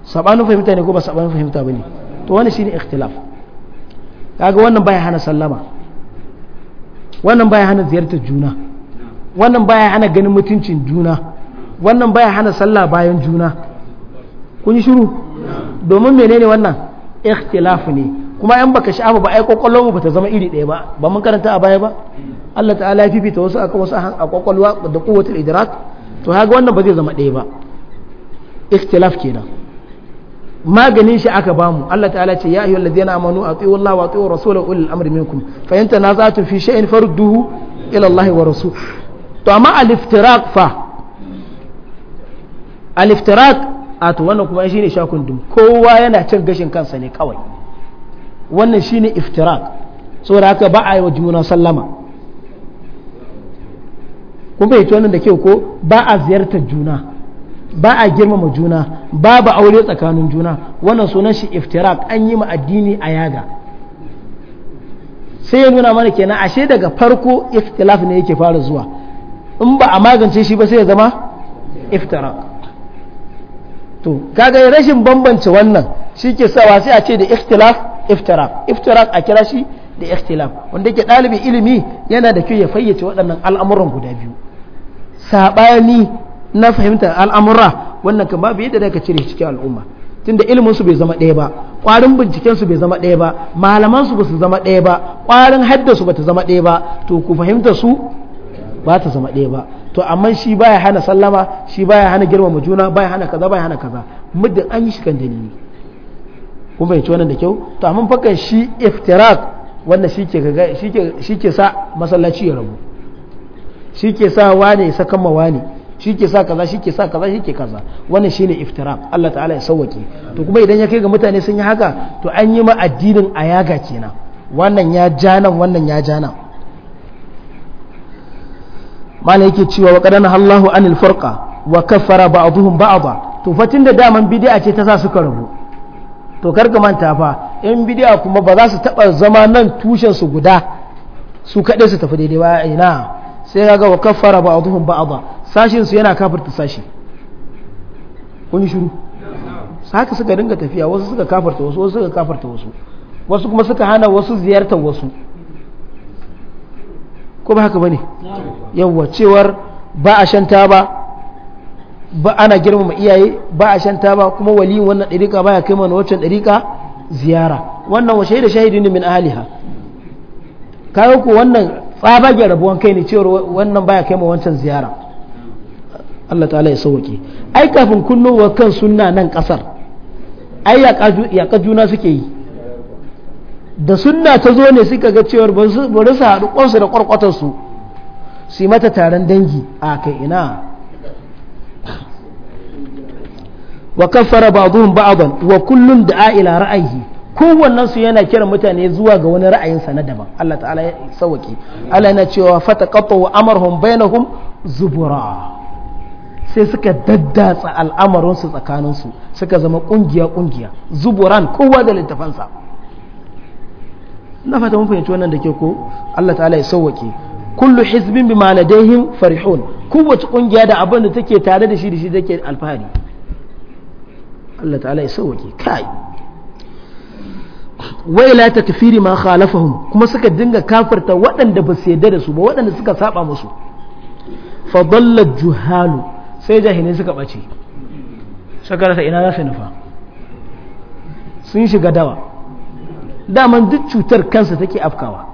S1: sabanin fahimta ne ko ba sabanin fahimta ba ne to wani shi ne ikhtilaf kaga wannan baya hana sallama wannan baya hana ziyartar juna wannan baya hana ganin mutuncin juna wannan baya hana sallah bayan juna kun yi shiru domin menene wannan ikhtilafu ne kuma yan baka sha'aba ba ai kwakwalwa ba ta zama iri ɗaya ba ba mun karanta a baya ba Allah ta'ala ya fifita wasu aka wasu a kwakwalwa da kowatul idrak to haka wannan ba zai zama ɗaya ba ikhtilaf kenan maganin shi aka bamu Allah ta'ala ce ya ayyuhal ladzina amanu atiu Allah wa atiu rasulahu ulil amri minkum fa in tanaza'tum fi shay'in farudduhu ila Allah wa rasul to amma al-iftiraq fa al-iftiraq a to wannan kuma shine shakun dum kowa yana cin gashin kansa ne kawai wannan shine iftirak saboda haka ba a yi wa juna sallama kuma fahimci wannan da kyau ko ba a ziyartar juna ba a girmama juna babu aure tsakanin juna wannan sunan shi iftirak an yi ma addini a yaga sai ya nuna mana kenan ashe daga farko iftilaf ne yake fara zuwa in ba a magance shi ba sai ya zama iftirak to kaga rashin bambance wannan shi ke sawa sai a ce da ikhtilaf iftirak iftirak a kira shi da ikhtilaf wanda ke ɗalibi ilimi yana da kyau ya fayyace waɗannan al'amuran guda biyu saɓani na fahimtar al'amura wannan kan babu yadda daga cire cikin al'umma tunda ilimin su bai zama ɗaya ba ƙwarin binciken su bai zama ɗaya ba malaman su ba su zama ɗaya ba ƙwarin haddasu su ba ta zama ɗaya ba to ku fahimta su ba ta zama ɗaya ba to amma shi baya hana sallama shi baya hana girma juna baya hana kaza baya hana kaza muddin an yi shi kan dalili kun fahimci wannan da kyau to amma fakan shi iftirak wanda shi ke shi ke sa masallaci ya rabu shi ke sa wani ya saka ma wani shi ke sa kaza shi ke sa kaza shi ke kaza wannan shine iftirak Allah ta'ala ya sauwake to kuma idan ya kai ga mutane sun yi haka to an yi ma addinin ayaga kenan wannan ya janan wannan ya janan mana yake cewa wa qadana Allahu anil furqa wa kaffara ba'dhum ba'dha to fatin da daman bid'a ce ta sa suka rabu to karka manta fa in bid'a kuma ba za su taba zama nan tushen su guda su kaɗai su tafi daidai ba ina sai kaga wa kaffara ba'dhum ba'dha sashin su yana kafirta sashi kun shiru haka suka dinga tafiya wasu suka kafarta wasu wasu suka kafarta wasu wasu kuma suka hana wasu ziyartar wasu ko ba haka ba ne yawwa cewar ba a shan ba ba ana girmama iyaye ba a shan ba kuma waliyin wannan ɗariƙa ba ya kai mana waccan ɗariƙa ziyara wannan wa shaida shahidi ne min ahliha kayo ku wannan tsabagen rabuwan kai ne cewar wannan baya kai ma wancan ziyara Allah ta'ala ya sauke ai kafin kunnuwa kan sunna nan kasar ai ya juna suke yi da sunna ta zo ne suka ga cewar bari su haɗu ƙwansu da ƙwarƙwatarsu su yi mata taron dangi a kai ina wa kaffara ba'dhum ba'dan wa kullum da a'ila ra'ayi kowannen su yana kiran mutane zuwa ga wani ra'ayinsa na daban Allah ta'ala ya sauwaki Allah yana cewa kafa wa amarhum bainahum zubura sai suka daddatsa al'amarin tsakaninsu, suka zama ƙungiya kungiya zuburan kowa da littafansa na fata mun fahimci wannan da ke ko Allah ta'ala ya sauwake kullu hizbin bi maladaihim farihun kowace kungiya da abin da take tare da shi da shi take alfahari Allah ta'ala ya sauwake kai wai la takfiri ma khalafahum kuma suka dinga kafarta waɗanda ba su yarda da su ba waɗanda suka saba musu fa dalla juhalu sai jahilai suka bace suka ina za su nufa sun shiga dawa daman duk cutar kansa take afkawa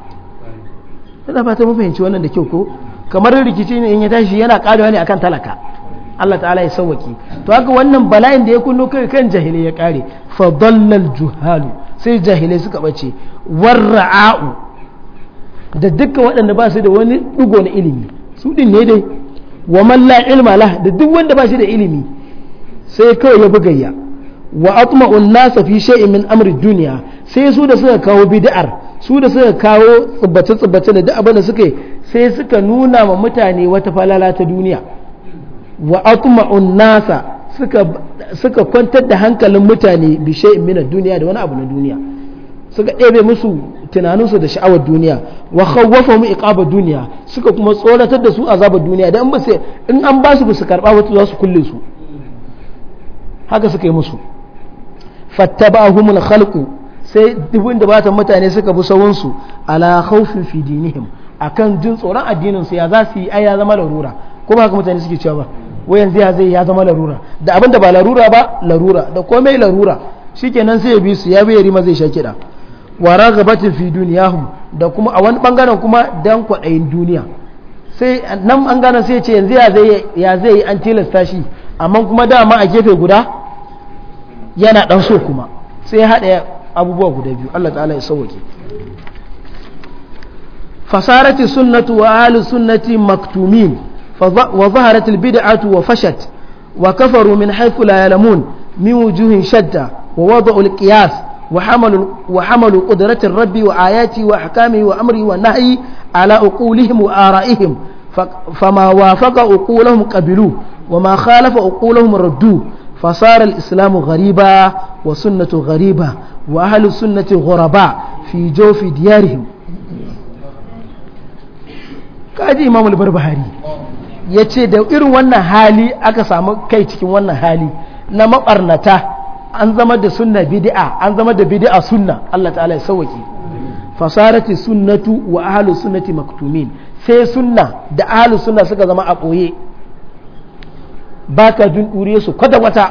S1: ina fata mun fahimci wannan da kyau ko kamar rikici ne in ya tashi yana karewa ne akan talaka Allah ta'ala ya sauwaki to haka wannan bala'in da ya kullo kai kan jahilai ya kare fa dallal juhalu sai jahilai suka bace warra'u da dukkan waɗanda ba su da wani dugo na ilimi su din ne dai wa man la ilma lah da duk wanda ba shi da ilimi sai kawai ya bugayya wa an nasa fi shay'in min amri dunya sai su da suka kawo bid'ar su da suka kawo tsibbace tsibbace da duk abin da sai suka nuna ma mutane wata falala ta duniya wa atma'un nasa suka kwantar da hankalin mutane bi shay'in duniya da wani abu na duniya suka ɗebe musu tunaninsu da sha'awar duniya wa khawwafa mu iqaba duniya suka kuma tsoratar da su azabar duniya dan ba in an ba su su karba wata za su kulle su haka suka yi musu fattabahumul khalqu sai dubin da batan mutane suka bi sawunsu ala khawfin fi dinihim akan jin tsoron addinin su ya za su yi ai ya zama larura ko ba haka mutane suke cewa ba wai yanzu ya zai ya zama larura da abin da ba larura ba larura da komai larura shikenan sai ya bi su ya bi ma zai sha kiɗa wa ragabatin fi duniyahum da kuma a wani bangaren kuma dan kwaɗayin duniya sai nan an gane sai ce yanzu ya zai yi an tilasta shi amma kuma dama a gefe guda yana dan so kuma sai haɗa abubuwa guda biyu Allah ta'ala ya sauke فصارت السنة وأهل السنة مكتومين وظهرت البدعة وفشت وكفروا من حيث لا يعلمون من وجوه شدة ووضعوا القياس وحملوا, وحملوا قدرة الرب وآياته وأحكامه وأمره ونهيه على عقولهم وآرائهم فما وافق عقولهم قبلوه وما خالف عقولهم ردوه فصار الإسلام غريبا وسنة غريبة وأهل السنة غرباء في جوف ديارهم kaji imamul barbahari ya da irin wannan hali aka samu kai cikin wannan hali na maɓarnata an zama da sunna bid'a an zama da bid'a sunna Allah ta'ala ya sauwake fasarati sunnatu wa ahlu sunnati maktumin sai sunna da ahlu sunna suka zama a ɓoye ba ka jin ɗure su kwata kwata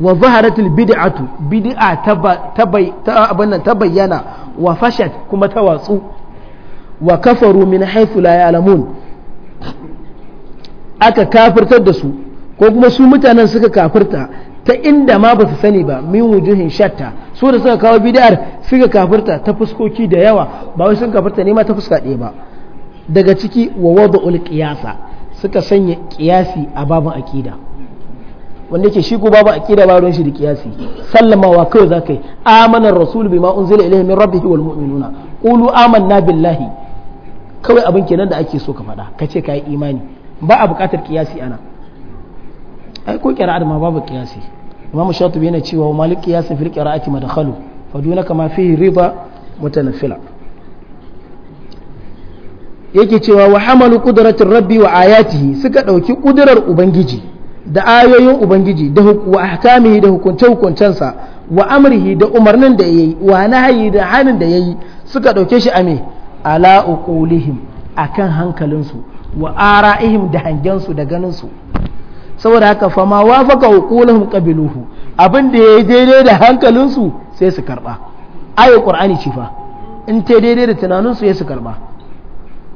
S1: wa zaharatul bid'atu bid'a ta bayyana wa fashat kuma ta watsu wa kafaru min haythu la ya'lamun aka kafirtar da su ko kuma su mutanen suka kafirta ta inda ma ba su sani ba min wujuhin shatta su da suka kawo bid'ar suka kafirta ta fuskoki da yawa ba wai sun kafirta ne ma ta fuska ɗaya ba daga ciki wa ul qiyasa suka sanya kiyasi a babu aƙida wanda ke shi ko babu aƙida ba ruwan shi da kiyasi sallamawa kai zaka yi amana rasul bima unzila ilayhi min rabbih wal mu'minuna qulu amanna billahi kawai abin kenan da ake so ka faɗa ka ce ka yi imani ba a buƙatar kiyasi ana ai ko qira'at ma babu kiyasi imam shatibi yana cewa malik kiyasi fil qira'ati madkhalu fa kama ma fihi rida mutanaffila yake cewa wa hamalu qudratir rabbi wa ayatihi suka dauki kudurar ubangiji da ayoyin ubangiji da wa ahkamihi da hukunce hukuncensa wa amrihi da umarnin da yayi wa nahyi da hanin da yayi suka dauke shi ame ala uqulihim akan hankalinsu wa ara'ihim da su da ganin su. saboda haka fa ma wafaqa uqulihim qabiluhu abin da yayi daidai da hankalinsu sai su karba ayo qur'ani ce fa in ta daidai da tunaninsu ya su karba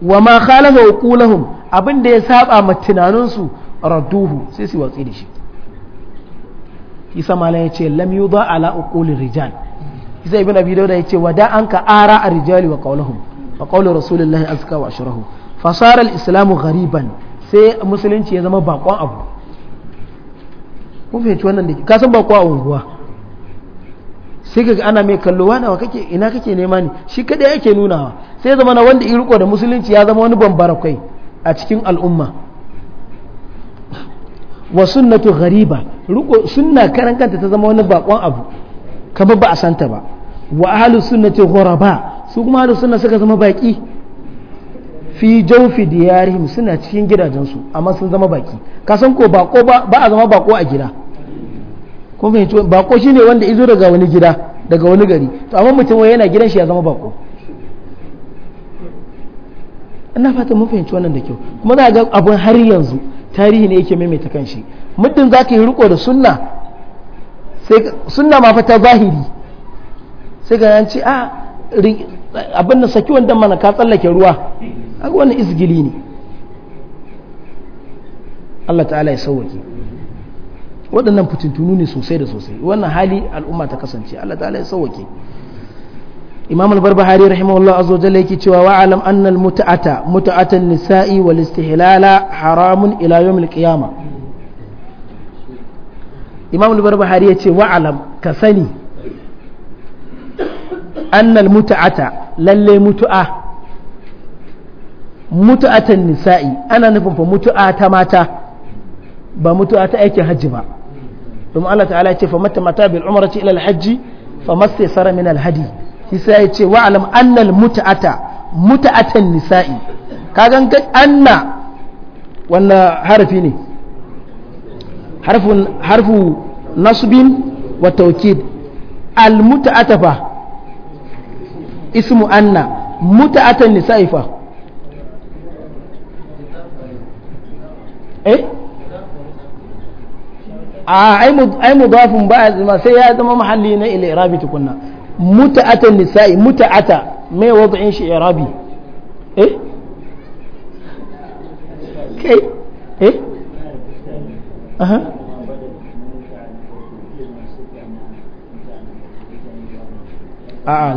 S1: wa ma khalafa uqulahum abin da ya saba ma tunaninsu radduhu sai su watsi da shi isa mala ya ce lam yudha ala uqulir rijal isa ibn abi dauda ya ce wada an ka ara a rijali wa qawluhum wa qawlu rasulillahi azka wa ashrahu fa sara al-islamu ghariban sai musulunci ya zama bakon abu kun fahimci wannan da ka san bakon a unguwa sai ka ana mai kallo wa wa kake ina kake nema ne shi kadai yake nunawa sai zama na wanda iriko da musulunci ya zama wani bambara kai a cikin al'umma wa sunnatu ghariba riko sunna karan kanta ta zama wani bakon abu kamar ba a santa ba wa ahlu sunnati ghuraba su kuma ahlu sunna suka zama baki fi jawfi diyarihim suna cikin gidajensu amma sun zama baki kasan ko bako ba a zama bako a gida ko bai ci bako shine wanda izo daga wani gida daga wani gari to amma mutum wai yana gidan shi ya zama bako ina fata mun fahimci wannan da kyau kuma za ga abun har yanzu tarihi ne yake maimaita kanshi muddin za ka yi riko da sunna sai sunna ma fa ta zahiri sai ga ce a ah, abin da saki wanda mana ka tsallake ruwa a wannan isgili ne Allah ta'ala ya sauwaki. waɗannan fitintunu ne sosai da sosai wannan hali al'umma ta kasance Allah ta'ala ya sauwake imam al-barbahari rahimahullah azza jalla yake cewa wa alam anna al-mut'ata mut'atan nisa'i wal istihlala haramun ila yawm qiyama imam al-barbahari yace wa alam ka sani anna al-mut'ata lalle mutu'a mut'atan nisa'i ana nufin fa mutu'a ta mata ba mutu'a ta aikin hajji ba domin Allah ta'ala ya ce fa mata mata bil umrati ila al-hajji fa mastaysara min al-hadi isa ya ce wa alam annal mut'ata mut'atan nisa'i kagan ka anna wannan harfi ne harfun harfu nasbin wa tawkid al mut'ata fa ismu anna mut'atan nisa'i fa eh a ai mudafin ba zama sai ya zama mahalli na ila irabi tukunna muta'ata nisa'i muta'ata mai shi irabi eh kai eh aha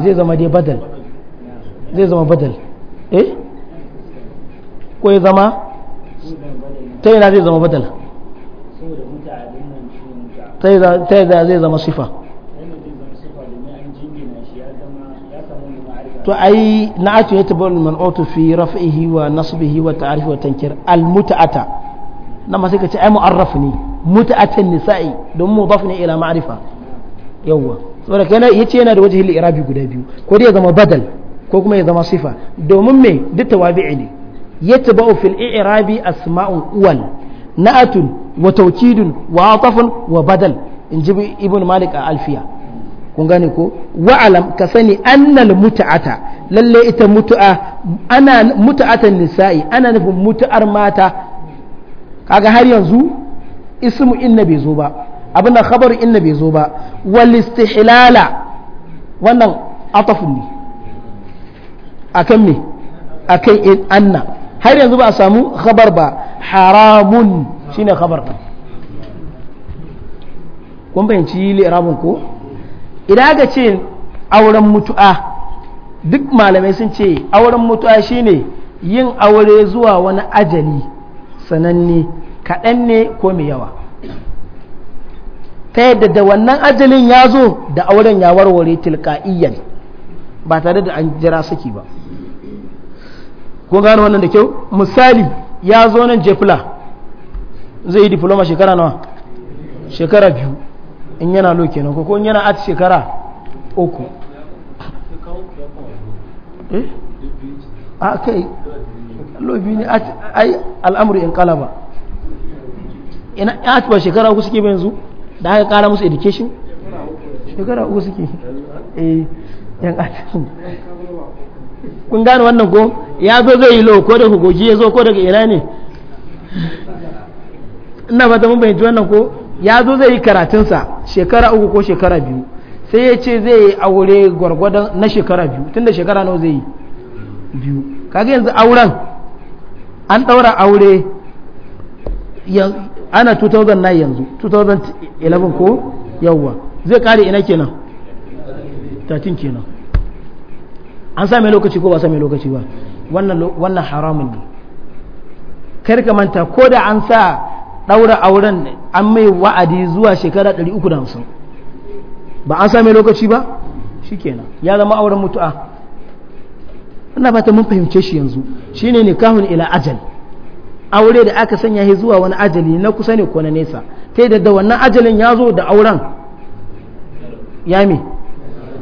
S1: zai zama dai badal zai zama badal eh ko ya zama ta yana zai zama badal
S2: ta yadda zai zama sifa to ai
S1: na ake yata man man'otu fi raf'ihi wa nasbihi wa ta'arifi wa tankir al muta'ata na masu ka ce ai mu'arraf ne muta'atan nisa'i don mudaf ne ila ma'arifa yawwa saboda kana yace yana da wajhil irabi guda biyu ko dai ya zama badal ko kuma ya zama sifa domin me duk tawabi'i ne yatba'u fil i'rabi asma'un uwal na'atun wa taukidun wa atafun wa badal in ji ibn malik a alfiya kun gane ko wa'alam ka sani annal mut'ata lalle ita mutu'a ana mut'atan nisa'i ana nufin mutu'ar mata kaga har yanzu ismu inna bai zo ba abinda khabar inna bai zo ba wal wannan me har yanzu ba a samu habar ba haramun shine khabar din kun bayanci li'rabun ko idan aka ce auren mutu'a duk malamai sun ce auren mutu'a shine yin aure zuwa wani ajali sananne kaɗan ne ko mai yawa ta yadda da wannan ajalin ya zo da auren ya warware tilka'iyyar ba tare da an jira saki ba ko gano wannan da kyau misali ya zo nan jefla zai yi diploma shekara nawa shekara biyu in yana loke kenan ko yana ati shekara uku eh a ah, kai lo biyu ne ai al'amuri in kalaba ina at ba shekara uku suke yanzu da aka kara musu education shekara uku suke eh yan ati kun gane wannan ko ya zo zai yi lo ko daga gogi ya zo ko daga ina ne ina fata mun fahimci wannan ko ya zo zai yi karatunsa shekara uku ko shekara biyu sai ya ce zai yi aure gwargwadon na shekara biyu tunda shekara nawa zai yi biyu kaga yanzu auren an daura aure ana 2009 yanzu 2011 ko yawwa zai kare ina kenan 13 kenan an same lokaci ko ba same lokaci ba wannan haramun ne kar ka manta ko da an sa ɗaura auren an mai wa'adi zuwa shekara 350 ba an same lokaci ba kenan ya zama auren mutu'a ina fata mun fahimce shi yanzu shi shine nikahun ila ajal aure da aka sanya shi zuwa wani ajali na kusa ne ko na nesa ta da da wannan ajalin ya zo da auren ya mi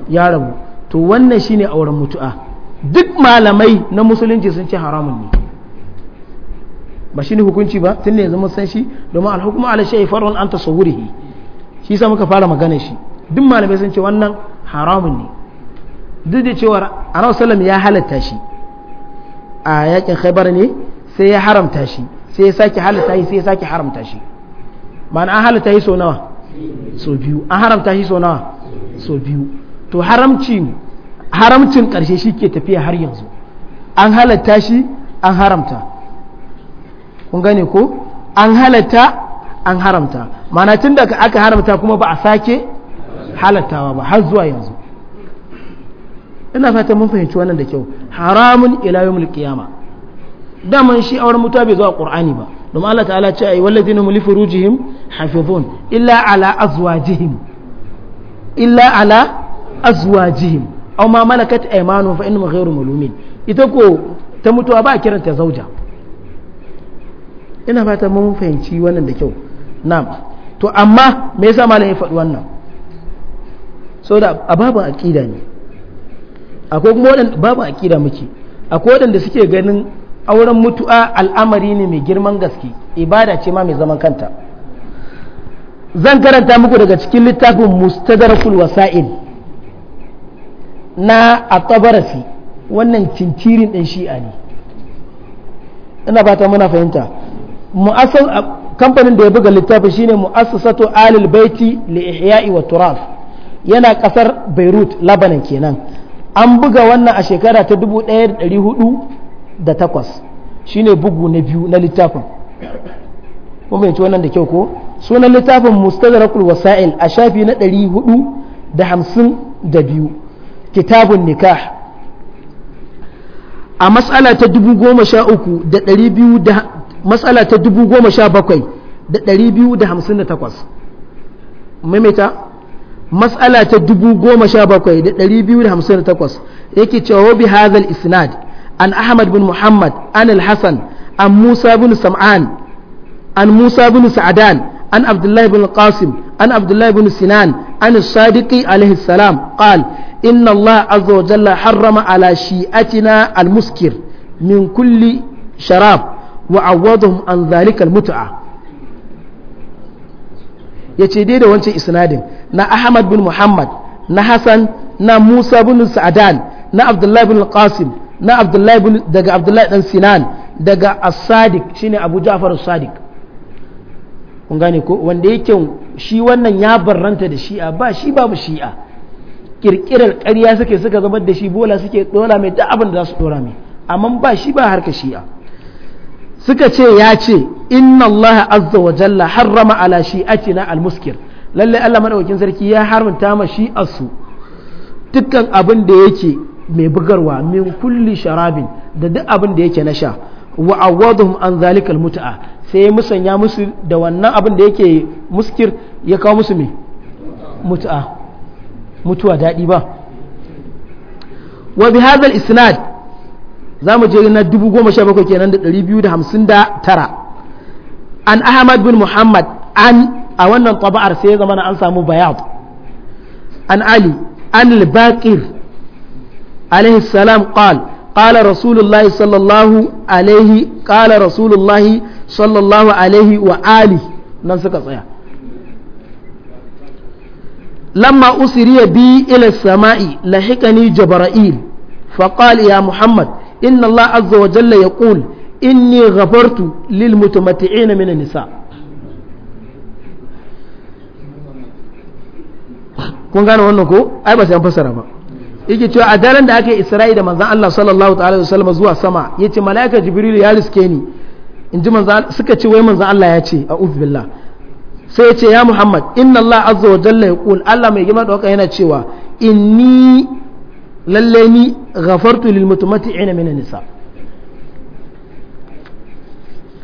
S1: ya rabu to wannan shi ne auren mutu'a duk malamai na musulunci sun ce haramun ne ba shi ne hukunci ba tun ne zama san shi domin alhukuma ala shi farwan an tasawurihi shi sa muka fara magana shi duk malamai sun ce wannan haramun ne duk da cewa anau salam ya halatta shi a yakin khaibar ne sai ya haramta shi sai ya sake halatta shi sai ya sake haramta shi ma'ana an halatta shi sau nawa sau biyu an haramta shi sau nawa sau biyu to haramcin haramcin karshe shi ke tafiya har yanzu an halatta shi an haramta kun gane ko an halatta an haramta mana tun da aka haramta kuma ba a sake halattawa ba har zuwa yanzu ina fata mun fahimci wannan da kyau haramun ila mulkiyama, daman shi auren mutuwa bai zuwa qur'ani ba domin Allah ta'ala ce ai wallazina hum li rujihim hafizun illa ala azwajihim illa ala azwajihim aw malakat aymanuhum fa innahum ghayru malumin ita ko ta mutuwa ba kiranta zauja ina fata mun fahimci wannan da kyau na'am to amma me yasa malam ya faɗi wannan so da a babu aqida ne akwai kuma waɗanda babu aqida muke akwai waɗanda suke ganin auren mutu'a al'amari ne mai girman gaske ibada ce ma mai zaman kanta zan karanta muku daga cikin littafin mustadrakul wasa'il na atabarasi wannan cincirin ɗin shi'a ne ina fata muna fahimta mu'assas kamfanin da ya buga littafin shine mu'assasatu alil baiti li ihya'i wa turaf yana kasar beirut labanan kenan an buga wannan a shekara ta 1408 shine bugu na biyu na littafin kuma yanci wannan da kyau ko sunan littafin mustadrakul wasa'il a shafi na 452 kitabun nikah a matsala ta 13200 matsala ta dubu goma sha bakwai da ɗari biyu da hamsin da takwas maimaita matsala ta dubu ɗari biyu da hamsin da takwas yake cewa bi hazal isnad an ahmad bin muhammad an al-hasan an musa bin sam'an an musa bin sa'adan an abdullahi bin qasim an abdullahi bin sinan an sadiqi alaihi salam qal inna allah azza wa jalla harrama ala shi'atina al-muskir min kulli sharab wa awwadhum an mutu'a ya yace dai da wancan isnadin na Ahmad bin Muhammad na Hassan na Musa bin Sa'adan na Abdullahi bin Qasim na Abdullahi bin daga Abdullahi dan Sinan daga As-Sadiq shine Abu Ja'far As-Sadiq kun gane ko wanda yake shi wannan ya barranta da shi'a ba shi babu shi'a kirkirar ƙarya suke suka zama da shi bola suke dola mai duk abin da za su dora mai amma ba shi ba harka shi'a suka ce ya ce inna Allah azza wa jalla harrama ala shi'atina almuskir lallai lalle Allah madaukakin sarki ya haramta ma asu. dukkan abin da yake mai bugarwa min kulli sharabin da duk abin da yake na sha wa awwaduhum an zalikal mut'a sai musanya musu da wannan abin da yake muskir ya kawo musu me mutuwa daɗi ba wa bi hadha isnad za mu je na dubu goma sha bakwai kenan da ɗari biyu da hamsin da tara an ahmad bin muhammad an a wannan taba'ar sai ya zama an samu bayad an ali an al-baqir alaihi salam qal قال رسول الله صلى الله عليه قال رسول الله صلى الله عليه tsaya. نسك صيا لما أسري بي إلى السماء لحقني جبرائيل فقال inna Allah azza wa jalla ya qul inni ghafartu lil mutamatti'ina min nisa kun gane wannan ko ai ba sai an fassara ba yake cewa a daren da aka yi Isra'i da manzan Allah sallallahu ta'ala wa wasallam zuwa sama ce malaika jibril ya riske ni in ji manzan suka ce wai manzan Allah ya ce a billah sai ya ce ya Muhammad inna Allah azza wa jalla ya qul Allah mai girma da yana cewa inni lalle ni ghafartu lil ina minan nisa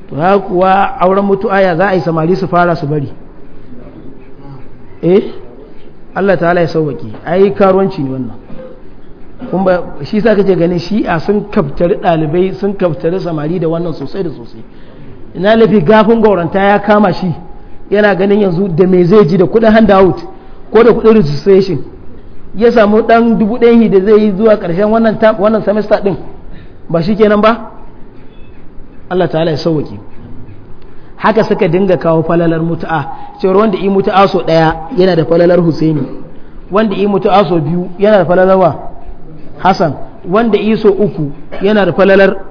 S1: to ha kuwa auren mutu aya za a yi samari su fara su bari eh Allah ta'ala ya sauwaki ai karuwanci ne wannan kun ba shi sa kace ganin shi'a sun kaftari dalibai sun kaftari samari da wannan sosai da sosai ina lafi gafin gauranta ya kama shi yana ganin yanzu da me zai ji da kudin handout ko da kudin registration ya samu dan dubu ɗaya da zai yi zuwa ƙarshen wannan wannan semester din ba shi kenan ba Allah ta'ala ya sauwaki haka suka dinga kawo falalar mutu'a cewar wanda yi mutu'a so ɗaya yana da falalar Husaini wanda yi mutu'a so biyu yana da falalar wa Hassan wanda yi so uku yana da falalar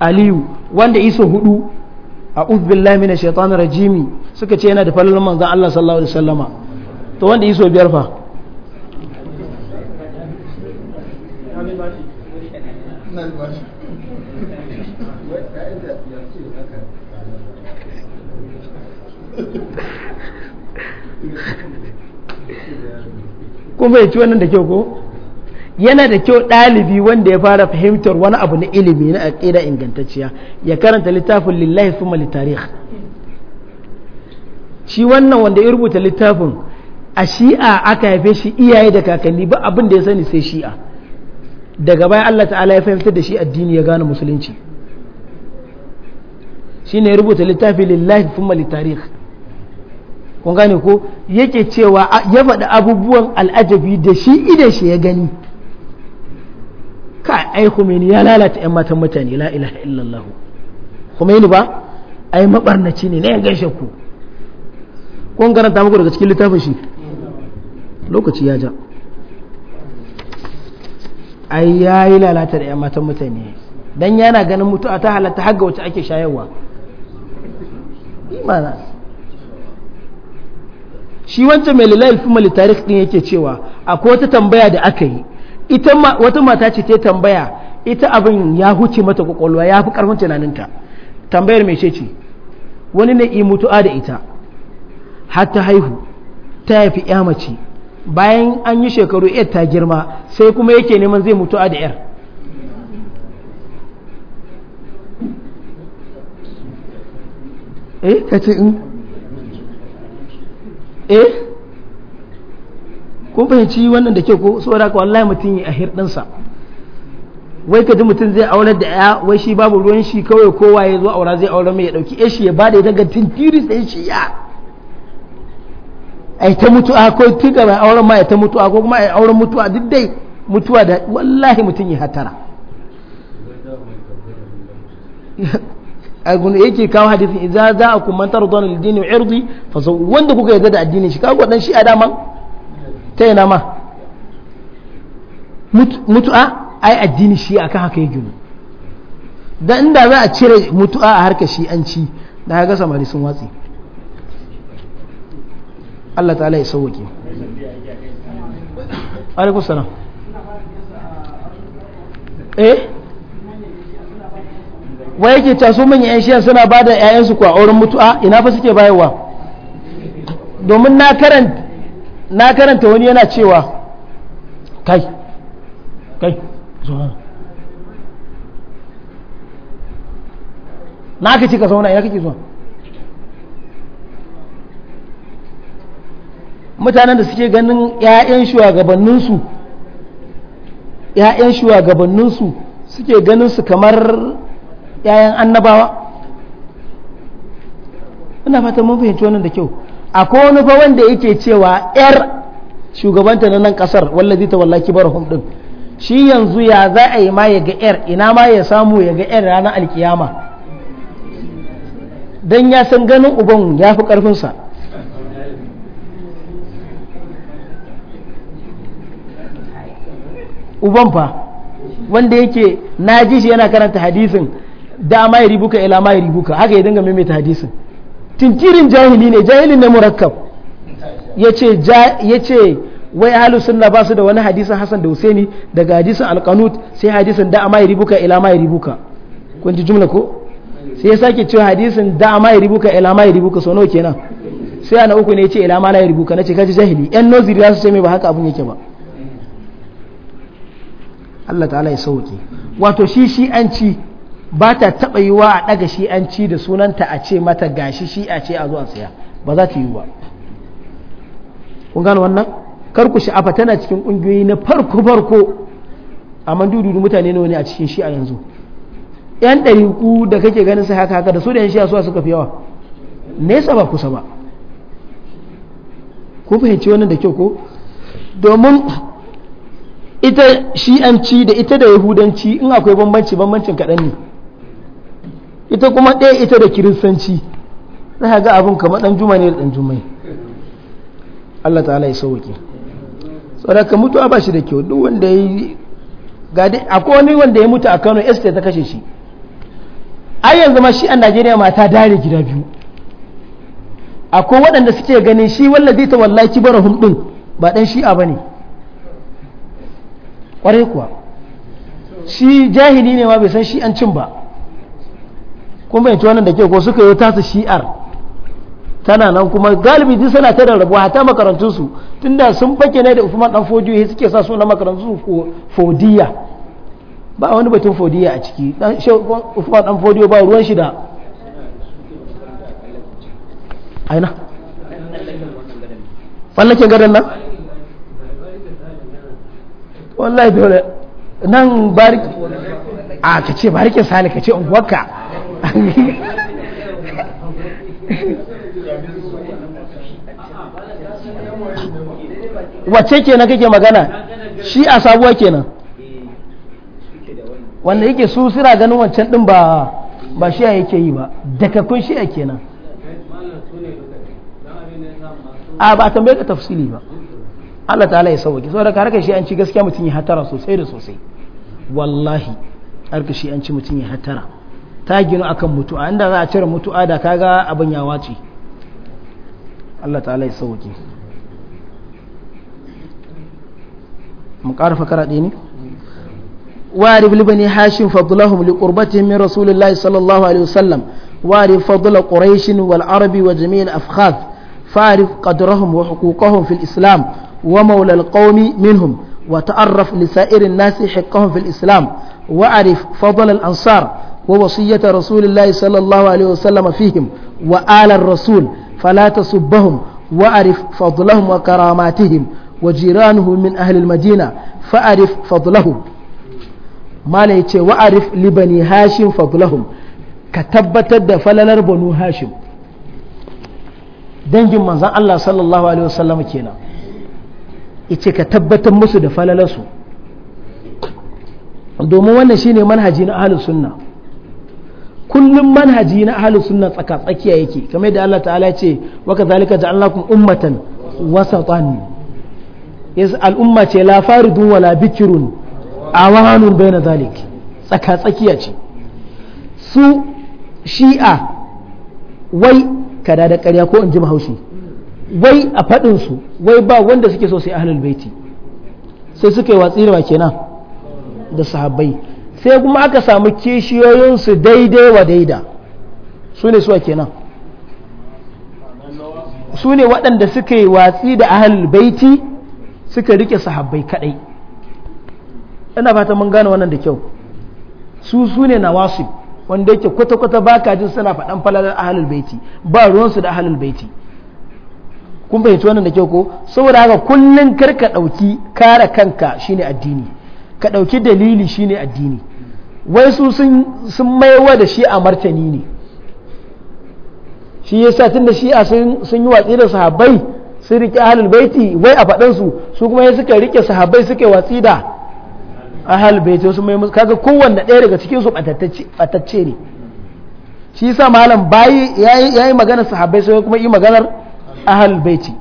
S1: Aliyu wanda yi so hudu a billahi minash shaitanir Ra'jimi suka ce yana da falalar manzon Allah sallallahu alaihi wasallama to wanda yi so biyar fa ya ci wannan da kyau ko yana da kyau ɗalibi wanda ya fara fahimtar wani abu na ilimi na aƙida ingantacciya ya karanta littafin lillahi suma litarih shi wannan wanda ya rubuta littafin a shi'a aka haife shi iyaye da kakanni ba abin da ya sani sai shi'a daga bayan Allah ta'ala ya fahimtar da shi addini ya gane musulunci shi ne rubuta littafi lillahi thumma litarikh kun gane ko yake cewa ya faɗi abubuwan al'ajabi da shi idan shi ya gani ka ai Khomeini ya lalata 'yan matan mutane la ilaha illallah Khomeini ba ai mabarnaci ne na ya gaishe ku kun karanta muku daga cikin littafin shi lokaci ya ja ai ya yi lalata da 'yan matan mutane don yana ganin mutuwa ta halatta har ga wacce ake shayarwa imana shi wancan mai lilayil fi mali tarihi din yake cewa akwai wata tambaya da aka yi ita wata mata ce ta tambaya ita abin ya huce mata kwakwalwa ya fi karfin tunaninta tambayar mai ce ce wani ne yi mutuwa da ita har ta haihu ta haifi ya mace bayan an yi shekaru iya ta girma sai kuma yake neman zai mutu a da yar eh ka ce in eh kun fahimci wannan da ke ko saboda ka wallahi mutum yi a hirɗinsa wai ka ji mutum zai aure da ya wai shi babu ruwan shi kawai kowa ya zo aura zai aure mai ya ɗauki ya shi ya ba da ya ga tintiris ɗin shi ya ai ta mutuwa ko tuka mai auren ma ya ta mutuwa ko kuma ai auren mutuwa duk dai mutuwa da wallahi mutum ya hatara agun yake kawo hadisin idza za a kuma tarḍan al-din wa irdi fa wanda kuka yarda da addinin shi kago dan shi adama ta yana ma mutu'a ai addini shi akan haka ya gino dan inda za a cire mutu'a a harkar shi an ci da ga samari sun watsi Allah ta'ala ya sauke alaikum salam eh wa yake ta su manyan yan shiyan suna bada ƴaƴansu ko a auren mutu'a ina fa suke bayarwa domin na karanta na karanta wani yana cewa kai kai zuwa na ka ci ka zauna ina kake zuwa mutanen da suke ganin 'ya'yan shugabanninsu ‘ya'yan shugabanninsu suke ganin su kamar ‘ya'yan annabawa ina fata mun fahimci wannan da kyau akwai wani fa wanda yake cewa ‘yar shugabanta na nan ƙasar wallazi ta wallaki barahum din shi yanzu ya za a yi ma ya ga ‘yar ina ma ya samu ya ga ‘yar ranar alkiyama don ya san ganin uban ya fi ƙarfinsa uban fa wanda yake na ji shi yana karanta hadisin da ma ya ribuka ila ma ya ribuka haka ya dinga maimaita hadisin tinkirin jahili ne jahilin ne murakkab yace yace wai ahlus sunna ba su da wani hadisin Hassan da Husaini daga hadisin alqanut sai hadisin da ma ya ribuka ila ma ya ribuka kun ji jumla ko sai ya sake cewa hadisin da ma ya ribuka ila ma ya ribuka sono kenan sai ana uku ne ya ce ila ma la ya ribuka nace kaji jahili yan nozir ya su ce mai ba haka abun yake ba Allah ta'ala ya sauke wato shi shi'anci ba ta taɓa yi wa a ɗaga shi'anci da sunanta a ce mata gashi shi'a ce a zuwa saya ba za ta yi ba kun gano wannan kar ku sha'afa tana cikin ƙungiyoyi na farko farko amma dududu mutane ne wani a cikin shi'a yanzu yan ku da kake ganin su haka haka da su da yan shi su suka fi yawa nesa ba kusa ba ku fahimci wannan da kyau ko domin ita shi'anci da ita da yahudanci in akwai bambanci bambancin kaɗan ne ita kuma ɗaya ita da kiristanci za ga abin kamar ɗan juma ne da ɗan juma Allah ta'ala ya sauke tsoraka mutuwa ba shi da kyau duk wanda ya yi akwai wani wanda ya mutu a kano estate ta kashe shi ai yanzu ma shi a najeriya ma ta dare gida biyu akwai waɗanda suke ganin shi wallazi ta wallahi kibarahum ɗin ba ɗan shi'a ba ne kwarai kuwa shi jahili ne ma bai san shi an cin ba kuma bai ci wannan da ke ko suka yi tasu shi'ar tana nan kuma galibi duk suna ta rarrabuwa hata makarantunsu tunda sun fake ne da ufuman dan Fojiyo suke sa suna makarantun su Fodiya ba wani batun Fodiya a ciki dan ufuman dan fodiyo ba ruwan shi da aina fallaken gadan nan wallahi dole nan bariki a ka ce barikin sali ka ce unguwarka
S2: wacce kenan kake magana
S1: shi a sabuwa kenan wanda yake su sira ganin wancan din ba ba shi yake yi ba daga kun shi kenan a ba tambaye ka tafsili ba Allah ta'ala ya sauke ka harkar gaskiya mutum ya hatara sosai da sosai wallahi harkar ci mutum ya hatara ta ginu akan mutu'a inda za a cire mutu'a da kaga abin ya wace Allah ta'ala ya sauke mu ƙarfa karaɗe ne وارب لبني هاشم فضلهم لقربتهم من رسول الله صلى wari عليه وسلم wal فضل wa والعرب وجميع الأفخاذ فارف wa وحقوقهم fil islam. ومولى القوم منهم وتعرف لسائر الناس حقهم في الإسلام وأعرف فضل الأنصار ووصية رسول الله صلى الله عليه وسلم فيهم وآل الرسول فلا تسبهم وأعرف فضلهم وكراماتهم وجيرانه من أهل المدينة فأعرف فضلهم ما ليتي وأعرف لبني هاشم فضلهم كتبت دفلل بنو هاشم دنجم من الله صلى الله عليه وسلم كينا Ice ka tabbatar musu da falalarsu domin wannan shine manhaji na ahlus sunna kullum manhaji na ahlus sunna tsaka tsakiya yake kamar da Allah ta'ala ce wa kadhalika ja'alnakum ummatan wasatan yas al'umma ce la faridun wala bikirun awanun bayna zalik tsaka tsakiya ce su shi'a wai kada da ƙarya ko in ji mahaushi wai a faɗin su wai ba wanda suke so sai ahlul baiti sai suka yi watsi da kenan da sahabbai sai kuma aka samu kishiyoyin daidai wa daida su ne suwa kenan su ne waɗanda suka yi watsi da ahlul baiti suka rike sahabbai kaɗai ina fata mun gane wannan da kyau su su ne na wasu wanda yake kwata-kwata ba jin suna faɗan falalar ahalul baiti ba ruwansu da ahalul baiti kun fahimci wannan da kyau ko saboda haka kullun kar ka dauki kare kanka shine addini ka dauki dalili shine addini wai su sun sun maiwa da shi a martani ne shi yasa tunda shi a sun sun yi watsi da sahabbai sun rike ahlul baiti wai a fadan su su kuma ya suka rike sahabbai suka watsi da ahlul baiti su mai kaga kowanne ɗaya daga cikin su batacce ne shi yasa malam bayi yayi magana sahabbai sai kuma yi maganar ahal baiti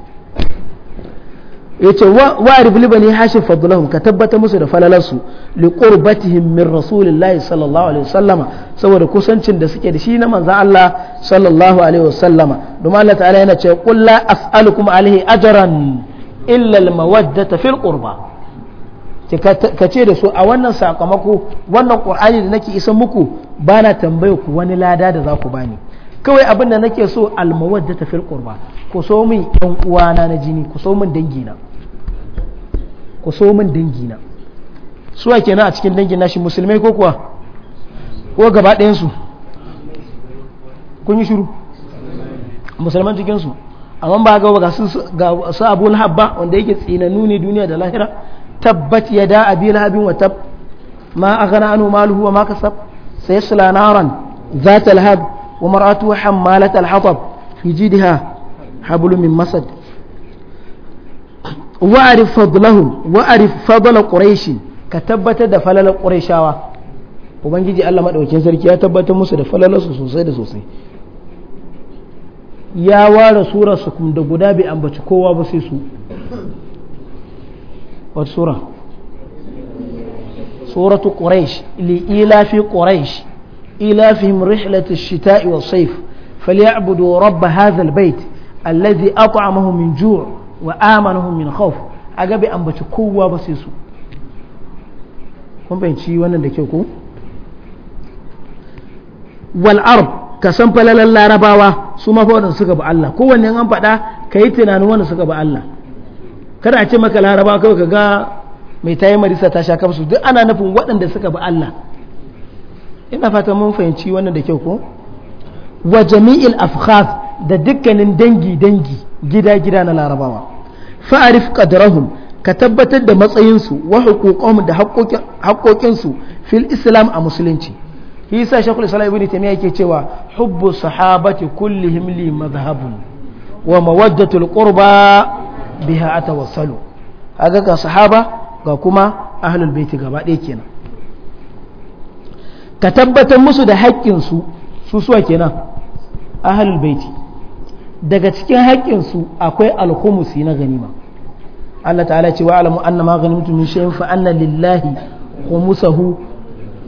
S1: yace wa arif li bani hashim fadlahum ka tabbata musu da falalansu li qurbatihim min rasulillahi sallallahu alaihi wasallama saboda kusancin da suke da shi na manzon Allah sallallahu alaihi wasallama domin Allah ta'ala yana cewa qul la as'alukum alaihi ajran illa al mawaddata fil qurba ka ce da su a wannan sakamako wannan qur'ani da nake isa muku bana tambaye ku wani lada da za ku bani kawai abin da nake so al mawaddata fil qurba ku so min yan uwana na jini ku so min dangina ku so min dangina su wa kenan a cikin dangin nashi musulmai ko kuwa ko gaba ɗayansu kun yi shiru musulman cikinsu amma ba ga ga su abu lahab ba wanda yake tsinanu ne duniya da lahira tabbat ya da abi lahabin wa tab ma aghna anu maluhu wa ma kasab sayasla naran ذات lahab wa maratu hammalat al-hatab fi jidha حبل من مسد wa'arif fadlahum wa'arif fadla quraish ka tabbatar da falalar quraishawa ubangiji Allah madaukakin sarki ya tabbatar musu da falalarsu sosai da sosai ya ware surar su da guda bai ambaci kowa ba sai su wata sura suratu quraish li ilafi quraish ilafihim rihlatu shita'i was sayf falyabudu rabb hadha albayt allazi at'amahu min ju' wa amanahu min khawf aga bai ambaci kowa ba sai su kun fahimci wannan da kyau ko wal arab ka san falalan larabawa su ma fa suka ba Allah kowanne an faɗa ka yi tunanin wanda suka ba Allah kada a ce maka larabawa kawai ka ga mai tayi marisa ta sha kafsu duk ana nufin waɗanda suka ba Allah ina fata mun fahimci wannan da kyau ko wa jami'il afkhaf da dukkanin dangi-dangi gida-gida na larabawa fa'arif qadrahum ka tabbatar da matsayinsu wa hukukum da haƙoƙinsu fil islam a musulunci shi yasa shekul islam ibn taymiya yake cewa hubbu sahabati kullihim li madhhabun wa mawaddatul qurba biha atawassalu kaga ga sahaba ga kuma ahlul baiti gaba ɗaya kenan ka tabbatar musu da haƙƙinsu su suwa kenan ahlul baiti daga cikin haƙƙinsu akwai alhumusi na ganima Allah ta'ala ce wa alamu anna ma ganimtu min shay'in fa anna lillahi khumusahu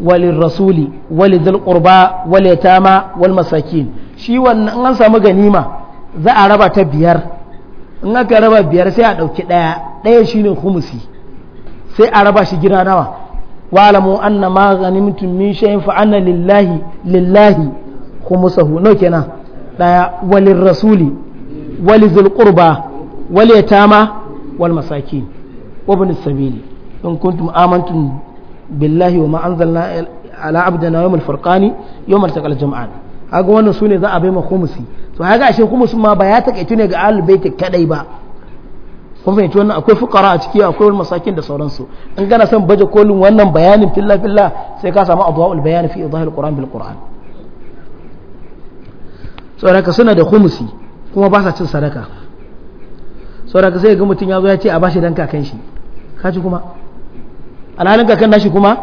S1: walil rasuli walil dhil qurba wal yatama wal masakin shi wannan an samu ganima za a raba ta biyar in aka raba biyar sai a dauki daya daya shine khumusi sai a raba shi gida nawa wa alamu anna ma ganimtu min shay'in fa anna lillahi lillahi khumusahu no kenan ɗaya walin rasuli wali zulqurba wal yatama wal masakin wabin sabili in kuntum amantun billahi wa ma anzalna ala abdana yawmal furqani yawmal taqal jam'an haka wannan sune za a bai ma khumusi to haga ashe khumusin ma ba ya takaitu ne ga ahlul bait kadai ba kun fahimci wannan akwai fukara a ciki akwai masakin da sauransu in kana son baje kolin wannan bayanin filla filla sai ka samu abwa'ul bayan fi idahil qur'an bil qur'an sauraka suna da humusi kuma ba sa cin sadaka sauraka sai ga mutum ya zo ya ce a bashi dan kakan shi kaci kuma alhalin kakan nashi kuma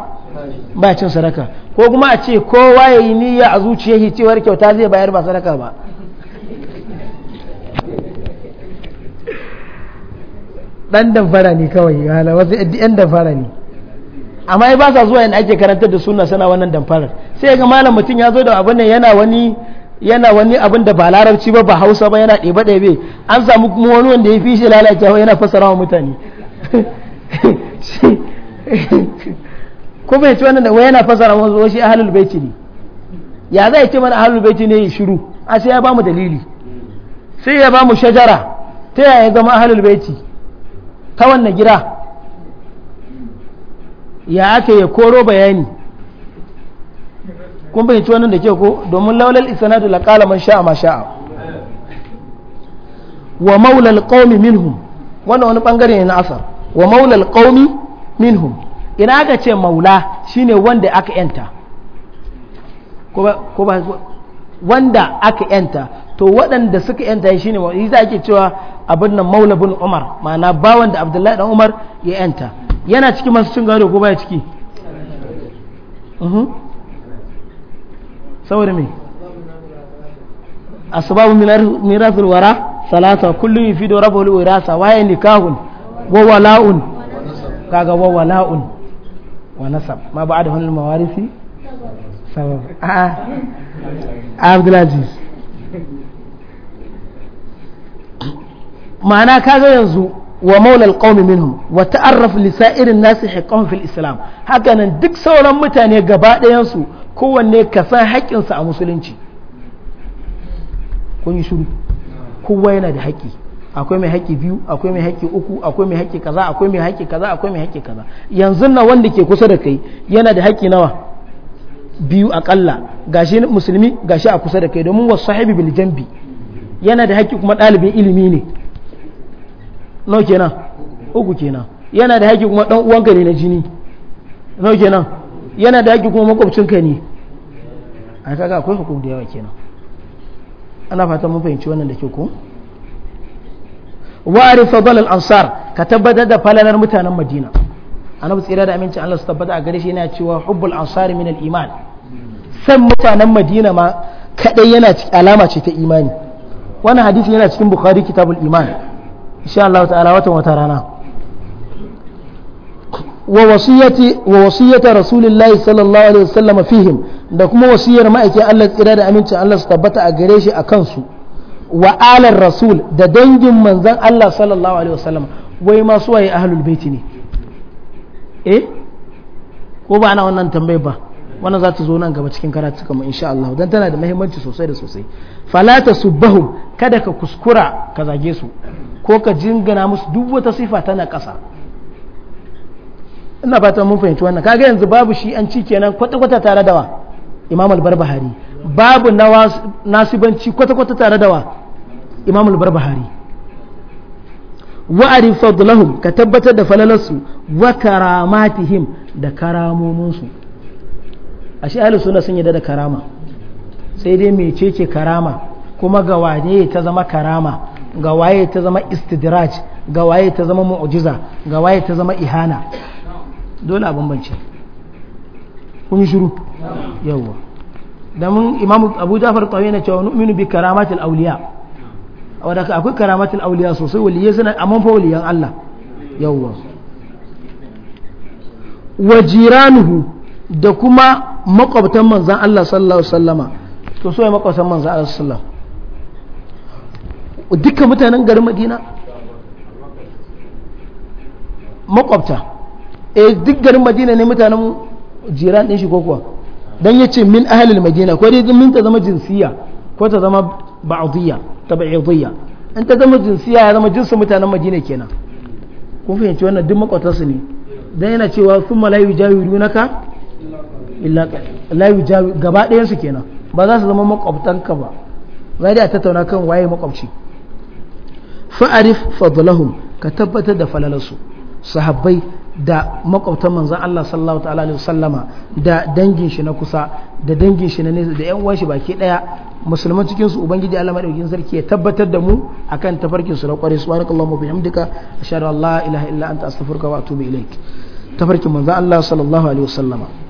S1: ba cin sadaka ko kuma a ce kowa ya yi niyya a zuciya shi cewar kyauta zai bayar ba sadaka ba dan damfara ne kawai hala wasu yan damfara ne amma ai ba sa zuwa yadda ake karantar da suna sana wannan damfarar sai ga malam mutum ya zo da abin nan yana wani yana wani abin da ba larabci ba ba hausa ba yana ɗebe ɗebe an samu kuma wani wanda ya fi shi lalacewa yana fassara wa mutane ko bai ci wannan wai yana fassara wa shi ahalul baiti ne ya zai ce mana ahalul baiti ne shiru a sai ya ba mu dalili sai ya bamu mu shajara ta yaya zama ahalul baiti ta wannan gida ya ake ya koro bayani kun bayyanci wannan da ke ko domin laulal isnadu la qala man sha'a ma sha'a wa maulal qaumi minhum wannan wani bangare ne na asar wa maulal qaumi minhum ina aka ce maula shine wanda aka yanta ko ba wanda aka yanta to waɗanda suka yanta shi ne wani za ake cewa abin nan maula bin umar ma'ana bawan da abdullahi dan umar ya yanta yana ciki masu cin gado ko baya ciki mhm. saboda me asbabu mirasul wara salasa kullu yufidu rabul wirasa waye nikahun wa wala'un kaga wa wala'un wa nasab ma ba'da hannun mawarisi sababu a ah, ah, Abdulaziz ma'ana kaga yanzu wa maula qaumi minhum wa ta'arraf li sa'irin nasi haqqan fil islam hakanan duk sauran mutane gaba ɗayan su kowanne ka san haƙƙinsa a musulunci kun yi shuru kowa yana da haƙƙi akwai mai haƙƙi biyu akwai mai haƙƙi uku akwai mai haƙƙi kaza akwai mai haƙƙi kaza akwai mai haƙƙi kaza yanzu na wanda ke kusa da kai yana da haƙƙi nawa biyu akalla gashi musulmi gashi a kusa da kai domin wasu sahibi bil jambi yana da haƙƙi kuma ɗalibin ilimi ne nau kenan uku kenan yana da haƙƙi kuma ɗan uwanka ne na jini nau kenan yana da daki kuma makwabcinka ne a kaga akwai hukum da yawa kenan ana fatan mun fahimci wannan da ke ko Wa'arin fadal ansar ka tabbatar da falalar mutanen madina annabi tsira da amincin Allah su tabbata a gare shi yana cewa hubbul ansar min al-iman san mutanen madina ma kadai yana alama ce ta imani wannan hadisi yana cikin bukhari kitabul iman insha Allah ta'ala watan wata rana ووصية ووصية رسول الله صلى الله da kuma wasiyar ma'aikin Allah tsira da amincin Allah su tabbata a gare shi a kansu wa alar rasul da dangin manzan Allah sallallahu alaihi wasallam wai ma su waye ahlul baiti ne eh ko ba ana wannan tambayar ba wannan za ta zo nan gaba cikin karatu kamar insha Allah dan tana da muhimmanci sosai da sosai su bahu kada ka kuskura ka zage su ko ka jingana musu duk wata sifa tana ƙasa ina fata mun fahimci wannan kaga yanzu babu shi an ci kenan kwata-kwata tare da wa imam al-barbahari babu nasibanci kwata-kwata tare da wa imam al-barbahari fadlahum ka tabbatar da falalarsu wa karamatihim da karamominsu a shi suna sun yadda da karama sai dai mecece karama kuma ga waye ta zama karama ga waye ta zama istidraj ga waye ta zama mu'jiza ga waye ta zama ihana dole a bambance kun shiru yawwa da mun imam abu jafar tawi na cewa nu'minu bi karamatil awliya wadda ka akwai karamatil awliya sosai waliyai suna amman fa waliyan Allah yawwa wa jiranuhu da kuma makwabtan manzan Allah sallallahu alaihi wasallama to so ya makwabtan manzan Allah sallallahu dukkan mutanen garin Madina makwabta eh duk garin madina ne mutanen jiran din shi ko kuwa dan yace min ahlil madina ko dai min ta zama jinsiya ko ta zama ba'diyya tab'idiyya in ta zama jinsiya ya zama jinsin mutanen madina kenan kun fahimci wannan duk makwatarsu ne dan yana cewa sun malayu jawirunaka illa la yujawi gaba ɗayan su kenan ba za su zama makwabtanka ba za dai a tattauna kan waye makwabci fa'arif fadlahum ka tabbatar da falalarsu sahabbai da makwabtan manzan Allah sallallahu ta'ala alaihi Sallama da dangin shi na kusa da dangin shi na nesa da yan uwan shi baki daya musulman cikin su ubangiji Allah madaukakin sarki ya tabbatar da mu akan tafarkin su na kware subhanakallahumma bihamdika ashhadu an la ilaha illa anta astaghfiruka wa atubu ilaik tafarkin manzan Allah sallallahu alaihi wasallama